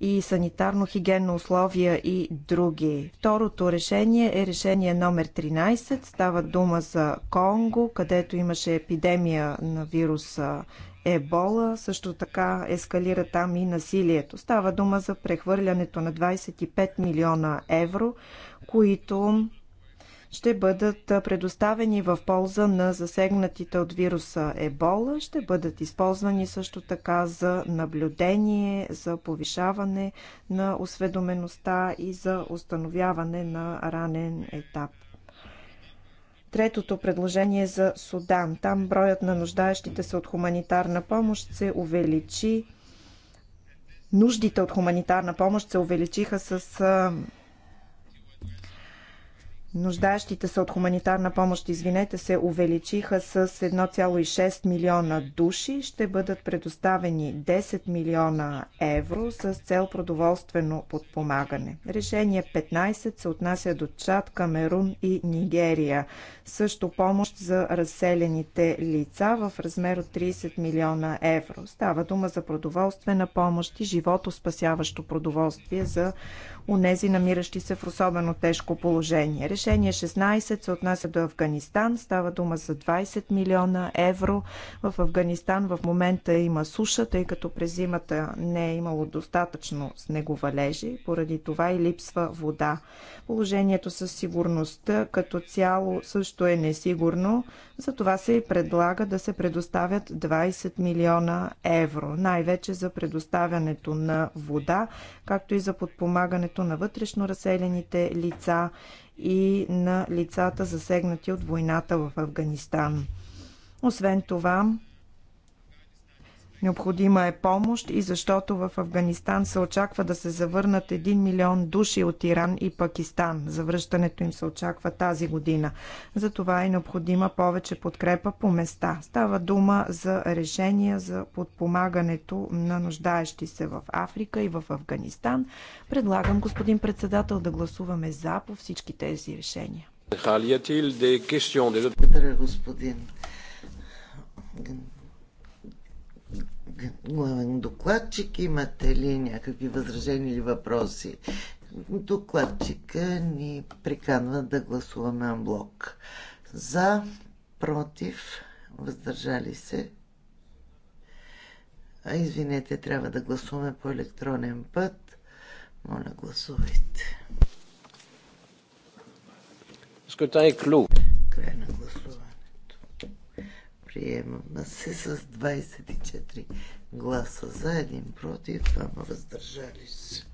и санитарно-хигиенно условия и други. Второто решение е решение номер 13. Става дума за Конго, където имаше епидемия на вируса Ебола. Също така ескалира там и насилието. Става дума за прехвърлянето на 25 милиона евро, които ще бъдат предоставени в полза на засегнатите от вируса Ебола, ще бъдат използвани също така за наблюдение, за повишаване на осведомеността и за установяване на ранен етап. Третото предложение за Судан. Там броят на нуждаещите се от хуманитарна помощ се увеличи. Нуждите от хуманитарна помощ се увеличиха с Нуждаещите се от хуманитарна помощ, извинете се, увеличиха с 1,6 милиона души. Ще бъдат предоставени 10 милиона евро с цел продоволствено подпомагане. Решение 15 се отнася до Чад, Камерун и Нигерия. Също помощ за разселените лица в размер от 30 милиона евро. Става дума за продоволствена помощ и живото спасяващо продоволствие за нези намиращи се в особено тежко положение. Решение 16 се отнася до Афганистан. Става дума за 20 милиона евро. В Афганистан в момента има суша, тъй като през зимата не е имало достатъчно снеговалежи, поради това и липсва вода. Положението със сигурността като цяло също е несигурно, затова се и предлага да се предоставят 20 милиона евро, най-вече за предоставянето на вода, както и за подпомагането състоянието на вътрешно разселените лица и на лицата засегнати от войната в Афганистан. Освен това, Необходима е помощ и защото в Афганистан се очаква да се завърнат 1 милион души от Иран и Пакистан. Завръщането им се очаква тази година. Затова е необходима повече подкрепа по места. Става дума за решения за подпомагането на нуждаещи се в Африка и в Афганистан. Предлагам, господин председател, да гласуваме за по всички тези решения. Благодаря, господин главен докладчик. Имате ли някакви възражения или въпроси? Докладчика ни приканва да гласуваме анблок. За, против, въздържали се. А, извинете, трябва да гласуваме по електронен път. Моля, гласувайте. е клуб. Край на гласуване приема се с 24 гласа за, един против, двама въздържали се.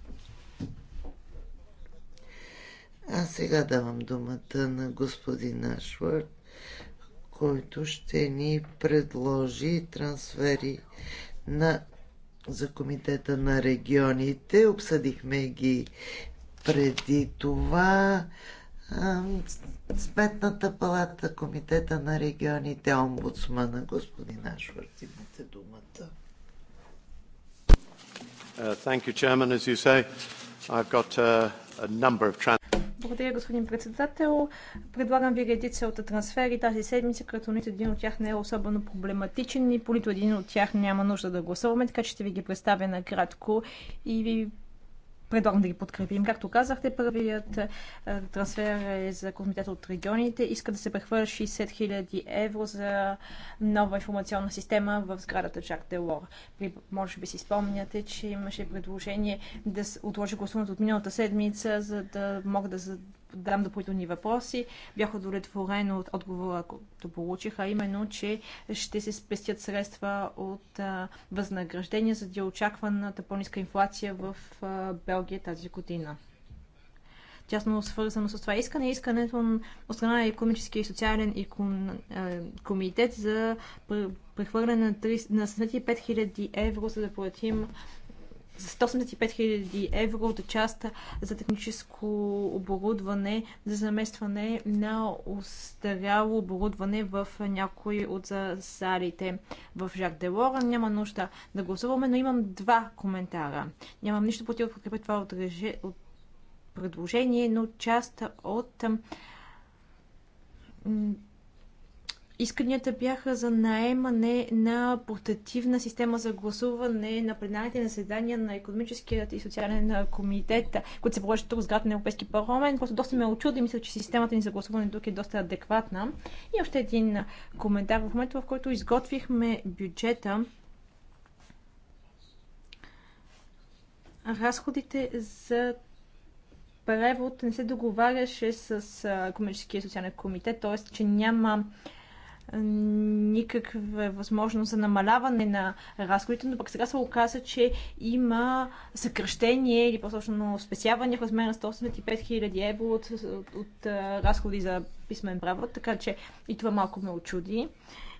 А сега давам думата на господин Ашвард, който ще ни предложи трансфери на, за Комитета на регионите. Обсъдихме ги преди това. Сметната палата, Комитета на регионите, омбудсмана. Господин Ашвард, имате думата. Uh, uh, благодаря, господин председател. Предлагам ви редица от трансфери тази седмица, като нито един от тях не е особено проблематичен и по нито един от тях няма нужда да гласуваме, така че ще ви ги представя накратко и ви предлагам да ги подкрепим. Както казахте, първият е, трансфер е за комитет от регионите. Иска да се прехвърля 60 000 евро за нова информационна система в сградата Жак Делор. Може би си спомняте, че имаше предложение да отложи гласуването от миналата седмица, за да могат да дам допълнителни въпроси. Бях удовлетворен от отговора, който получих, а именно, че ще се спестят средства от възнаграждения, за да очакваната по-ниска инфлация в Белгия тази година. Тясно свързано с това искане, е искането от страна на економическия и социален и комитет за прехвърляне на 75 000 евро, за да платим за 185 000 евро от част за техническо оборудване за заместване на устаряло оборудване в някои от залите в Жак Делора. Няма нужда да гласуваме, но имам два коментара. Нямам нищо против да подкрепя това от предложение, но част от Исканията бяха за наемане на портативна система за гласуване на пленарните заседания на Економическия и социален комитет, които се положи тук в сградата на Европейски парламент. Просто доста ме очуди. Е мисля, че системата ни за гласуване тук е доста адекватна. И още един коментар. В момента, в който изготвихме бюджета, разходите за превод не се договаряше с Комическия социален комитет, т.е. че няма никаква възможност за намаляване на разходите, но пък сега се оказа, че има съкръщение или по сочно спесяване в размер на 185 000 евро от, от, от разходи за писмен право, така че и това малко ме очуди.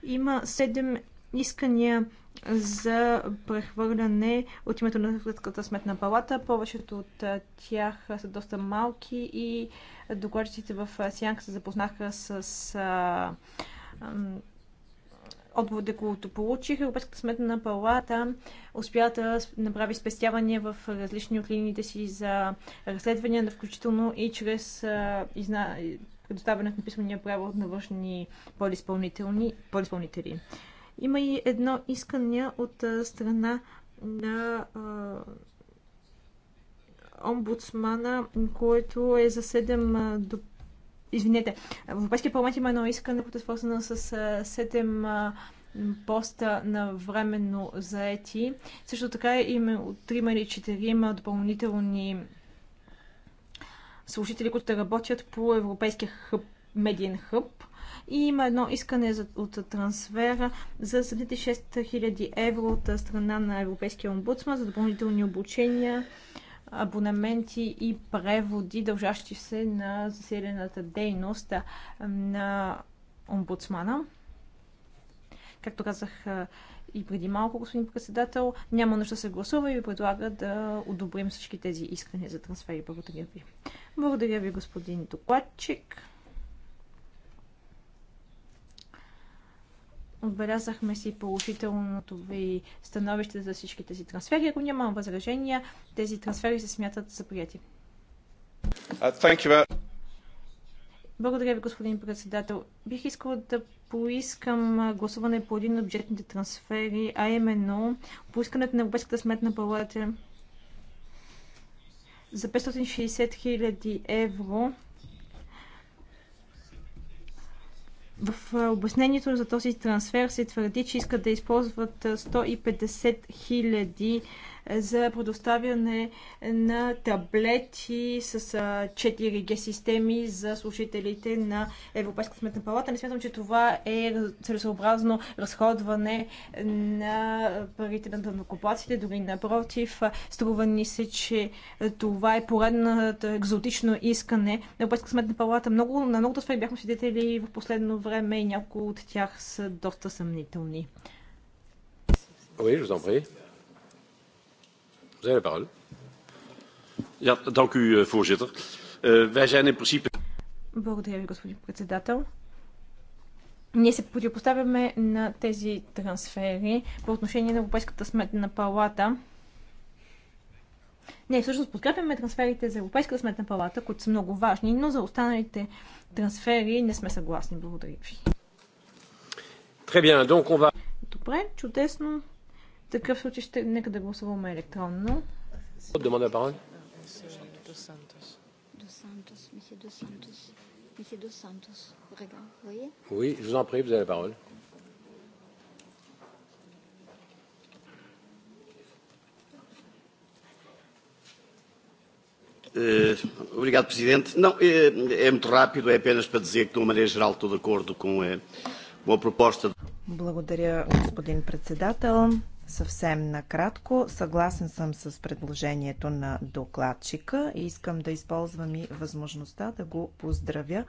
Има 7 искания за прехвърляне от името на съветската сметна палата. Повечето от тях са доста малки и докладчиците в Сянка се запознаха с отговорите, които получих, Европейската сметна палата успя да направи спестявания в различни от линиите си за разследвания, включително и чрез изна... предоставянето на писмения право на външни подизпълнители. Има и едно искане от страна на омбудсмана, който е за 7 до Извинете, в Европейския парламент има едно искане, което е свързано с седем поста на временно заети. Също така има е от трима или четирима допълнителни служители, които работят по Европейския хъб, медиен хъб. И има едно искане от трансфера за 76 000 евро от страна на Европейския омбудсман за допълнителни обучения абонаменти и преводи, дължащи се на заселената дейност на омбудсмана. Както казах и преди малко, господин председател, няма нужда да се гласува и ви предлага да одобрим всички тези искания за трансфери. Благодаря ви. Благодаря ви, господин докладчик. Отбелязахме си положителното ви становище за всички тези трансфери. Ако нямам възражения, тези трансфери се смятат за прияти. Uh, Благодаря ви, господин председател. Бих искала да поискам гласуване по един от бюджетните трансфери, а именно поискането на Европейската сметна палата за 560 000 евро В е, обяснението за този трансфер се твърди, че искат да използват 150 е, хиляди за предоставяне на таблети с 4G системи за служителите на Европейската сметна палата. Не смятам, че това е целесообразно разходване на парите на данокоплаците, дори напротив. Струва ни се, че това е поредното екзотично искане на Европейската сметна палата. Много, на много сфери бяхме свидетели в последно време и някои от тях са доста съмнителни. Oui, je vous en prie. Благодаря ви, господин председател. Ние се противопоставяме на тези трансфери по отношение на Европейската сметна палата. Не, всъщност подкрепяме трансферите за Европейската сметна палата, които са много важни, но за останалите трансфери не сме съгласни. Благодаря ви. Добре, чудесно такъв случай ще... нека да гласуваме електронно. Demande la parole. Oui, je vous en prie, vous Uh, obrigado, Presidente. Não, é, é muito rápido, é apenas para dizer que, de uma maneira geral, estou de acordo com a, com a proposta. Obrigado, Presidente. Съвсем накратко, съгласен съм с предложението на докладчика и искам да използвам и възможността да го поздравя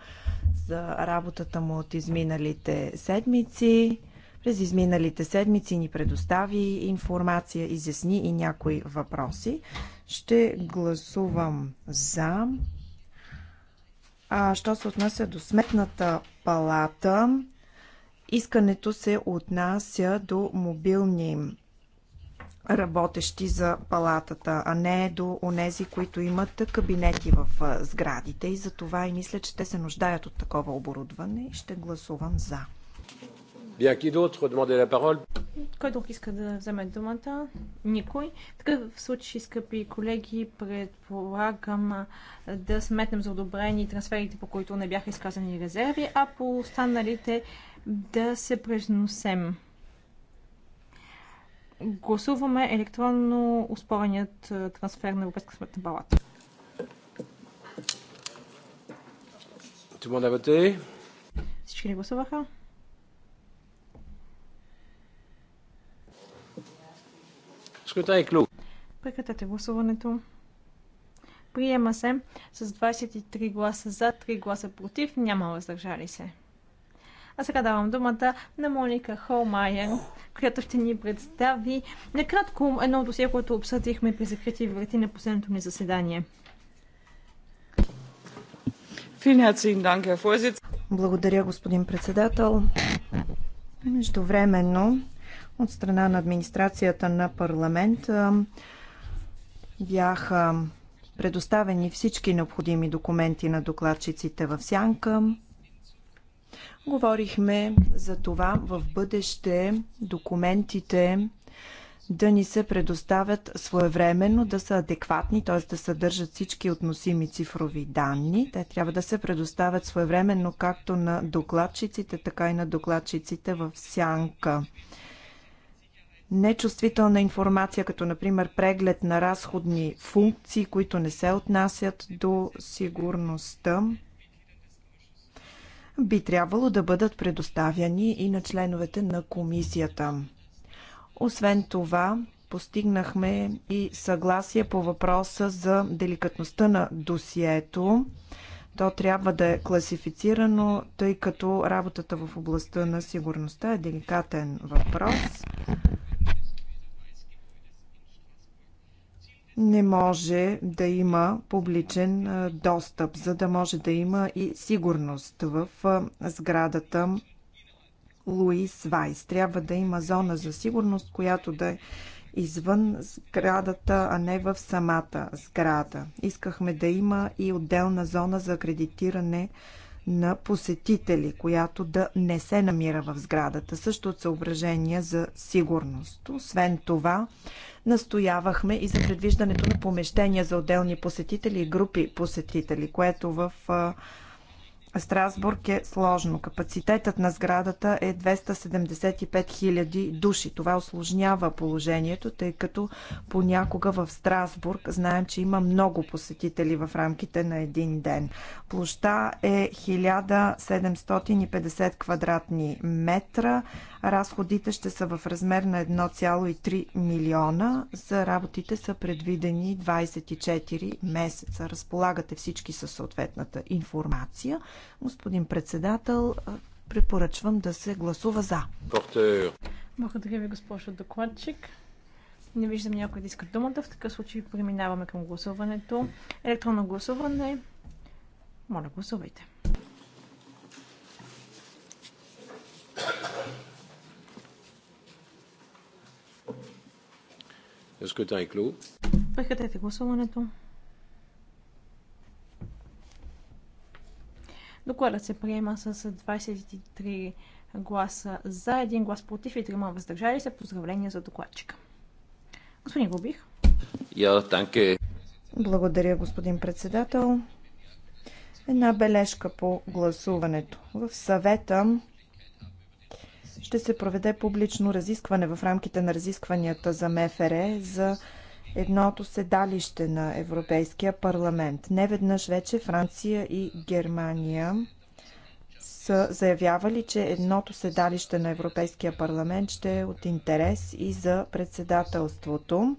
за работата му от изминалите седмици. През изминалите седмици ни предостави информация, изясни и някои въпроси. Ще гласувам за. А, що се отнася до сметната палата, искането се отнася до мобилни работещи за палатата, а не до онези, които имат кабинети в сградите. И за това и мисля, че те се нуждаят от такова оборудване ще гласувам за. Кой друг иска да вземе думата? Никой. В такъв случай, скъпи колеги, предполагам да сметнем за одобрени трансферите, по които не бяха изказани резерви, а по останалите да се произносем. Гласуваме електронно успореният е, трансфер на Европейска сметна палата. Всички ли гласуваха? Прекратете гласуването. Приема се с 23 гласа за, 3 гласа против, няма въздържали се. А сега давам думата на Моника Холмайер, която ще ни представи накратко едно досие, което обсъдихме при закрити врати на последното ни заседание. Благодаря, господин председател. Междувременно, от страна на администрацията на парламент бяха предоставени всички необходими документи на докладчиците в Сянка. Говорихме за това в бъдеще документите да ни се предоставят своевременно, да са адекватни, т.е. да съдържат всички относими цифрови данни. Те трябва да се предоставят своевременно както на докладчиците, така и на докладчиците в сянка. Нечувствителна информация, като например преглед на разходни функции, които не се отнасят до сигурността, би трябвало да бъдат предоставяни и на членовете на комисията. Освен това, постигнахме и съгласие по въпроса за деликатността на досието. То трябва да е класифицирано, тъй като работата в областта на сигурността е деликатен въпрос. не може да има публичен достъп, за да може да има и сигурност в сградата Луис Вайс. Трябва да има зона за сигурност, която да е извън сградата, а не в самата сграда. Искахме да има и отделна зона за акредитиране на посетители, която да не се намира в сградата, също от съображения за сигурност. Освен това, настоявахме и за предвиждането на помещения за отделни посетители и групи посетители, което в Страсбург е сложно. Капацитетът на сградата е 275 000 души. Това осложнява положението, тъй като понякога в Страсбург знаем, че има много посетители в рамките на един ден. Площа е 1750 квадратни метра. Разходите ще са в размер на 1,3 милиона. За работите са предвидени 24 месеца. Разполагате всички със съответната информация. Господин председател, препоръчвам да се гласува за. Благодаря ви, госпожо докладчик. Не виждам някой да иска думата. В такъв случай преминаваме към гласуването. Електронно гласуване. Моля, гласувайте. Прекратете гласуването. Докладът се приема с 23 гласа за, 1 глас против и 3 въздържали се. Поздравления за докладчика. Господин Губих. Yeah, Благодаря, господин председател. Една бележка по гласуването. В съвета ще се проведе публично разискване в рамките на разискванията за МФР за едното седалище на Европейския парламент. Не веднъж вече Франция и Германия са заявявали, че едното седалище на Европейския парламент ще е от интерес и за председателството.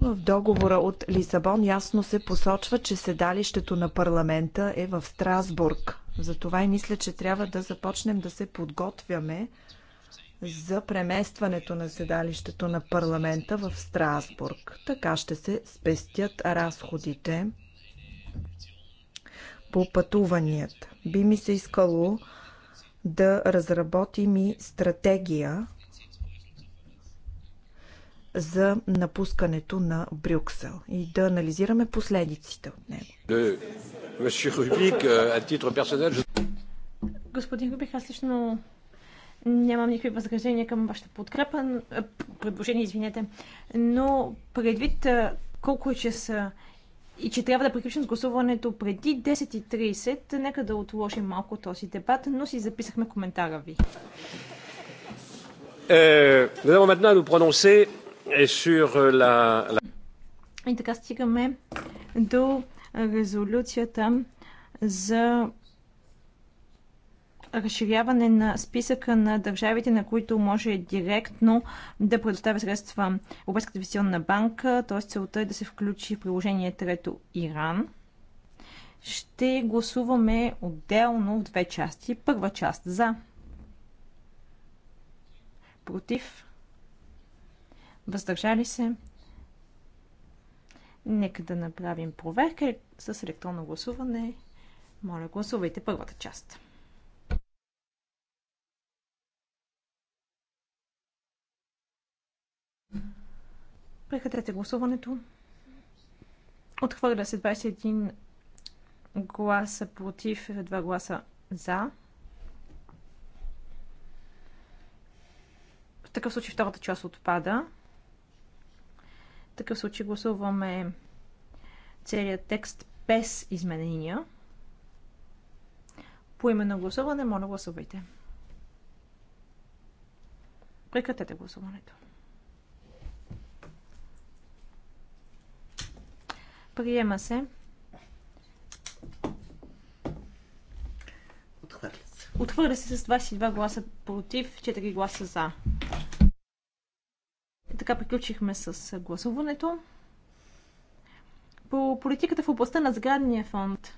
В договора от Лисабон ясно се посочва, че седалището на парламента е в Страсбург. Затова и мисля, че трябва да започнем да се подготвяме за преместването на седалището на парламента в Страсбург. Така ще се спестят разходите по пътуванията. Би ми се искало да разработим и стратегия за напускането на Брюксел и да анализираме последиците от него. Господин Рубик, аз лично нямам никакви възражения към вашата подкрепа, предложение, извинете, но предвид колко е часа и че трябва да приключим с гласуването преди 10.30, нека да отложим малко този дебат, но си записахме коментара ви. Е, nous allons maintenant nous prononcer е е, И така стигаме до резолюцията за разширяване на списъка на държавите, на които може директно да предоставя средства Европейската дивизионна банка, т.е. целта е да се включи в приложение трето Иран. Ще гласуваме отделно в две части. Първа част за. Против въздържали се. Нека да направим проверка с електронно гласуване. Моля, гласувайте първата част. Прекратете гласуването. Отхвърля се 21 гласа против, 2 гласа за. В такъв случай втората част отпада такъв случай гласуваме целият текст без изменения. По име на гласуване, моля гласувайте. Прекратете гласуването. Приема се. Отхвърля се. Отхвърля се с 22 гласа против, 4 гласа за така приключихме с гласуването. По политиката в областта на сградния фонд,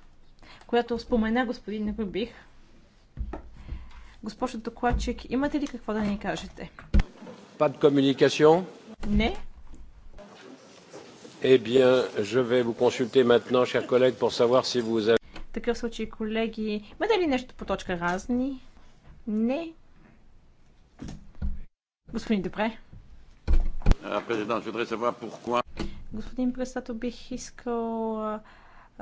която спомена господин Рубих, госпожо докладчик, имате ли какво да ни кажете? Pas de communication? Не. Eh bien, je vais vous consulter maintenant, chers collègues, pour savoir si vous avez... такъв случай, колеги, имате ли нещо по точка разни? Не. Господин Добре. Euh, Господин председател, бих искал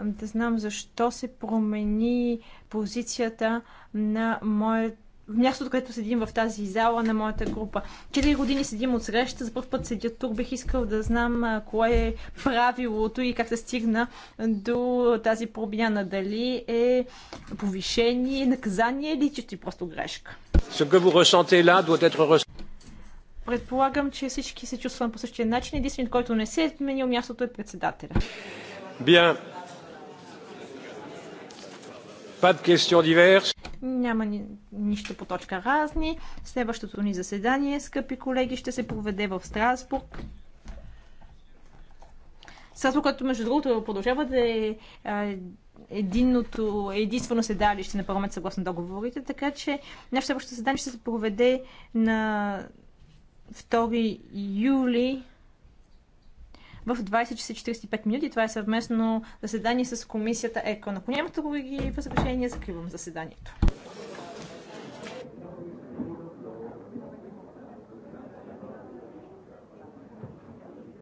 да знам защо се промени позицията на моят мястото, където седим в тази зала на моята група. Четири години седим от среща, за първ път седя тук. Бих искал да знам кое е правилото и как се стигна до тази промяна. Дали е повишение, наказание или че ти просто грешка. Ce que vous ressentez là doit être Предполагам, че всички се чувствам по същия начин. Единственият, който не се е сменил мястото е председателя. Bien. Pas de questions diverses. Няма ни, нищо по точка разни. Следващото ни заседание, скъпи колеги, ще се проведе в Страсбург. Страсбург, което между другото продължава да е единното, единствено седалище на парламент съгласно договорите, така че нашето следващо заседание ще се проведе на 2 юли в 20 часа 45 минути. Това е съвместно заседание с комисията ЕКО. Ако нямате други възражения, закривам заседанието.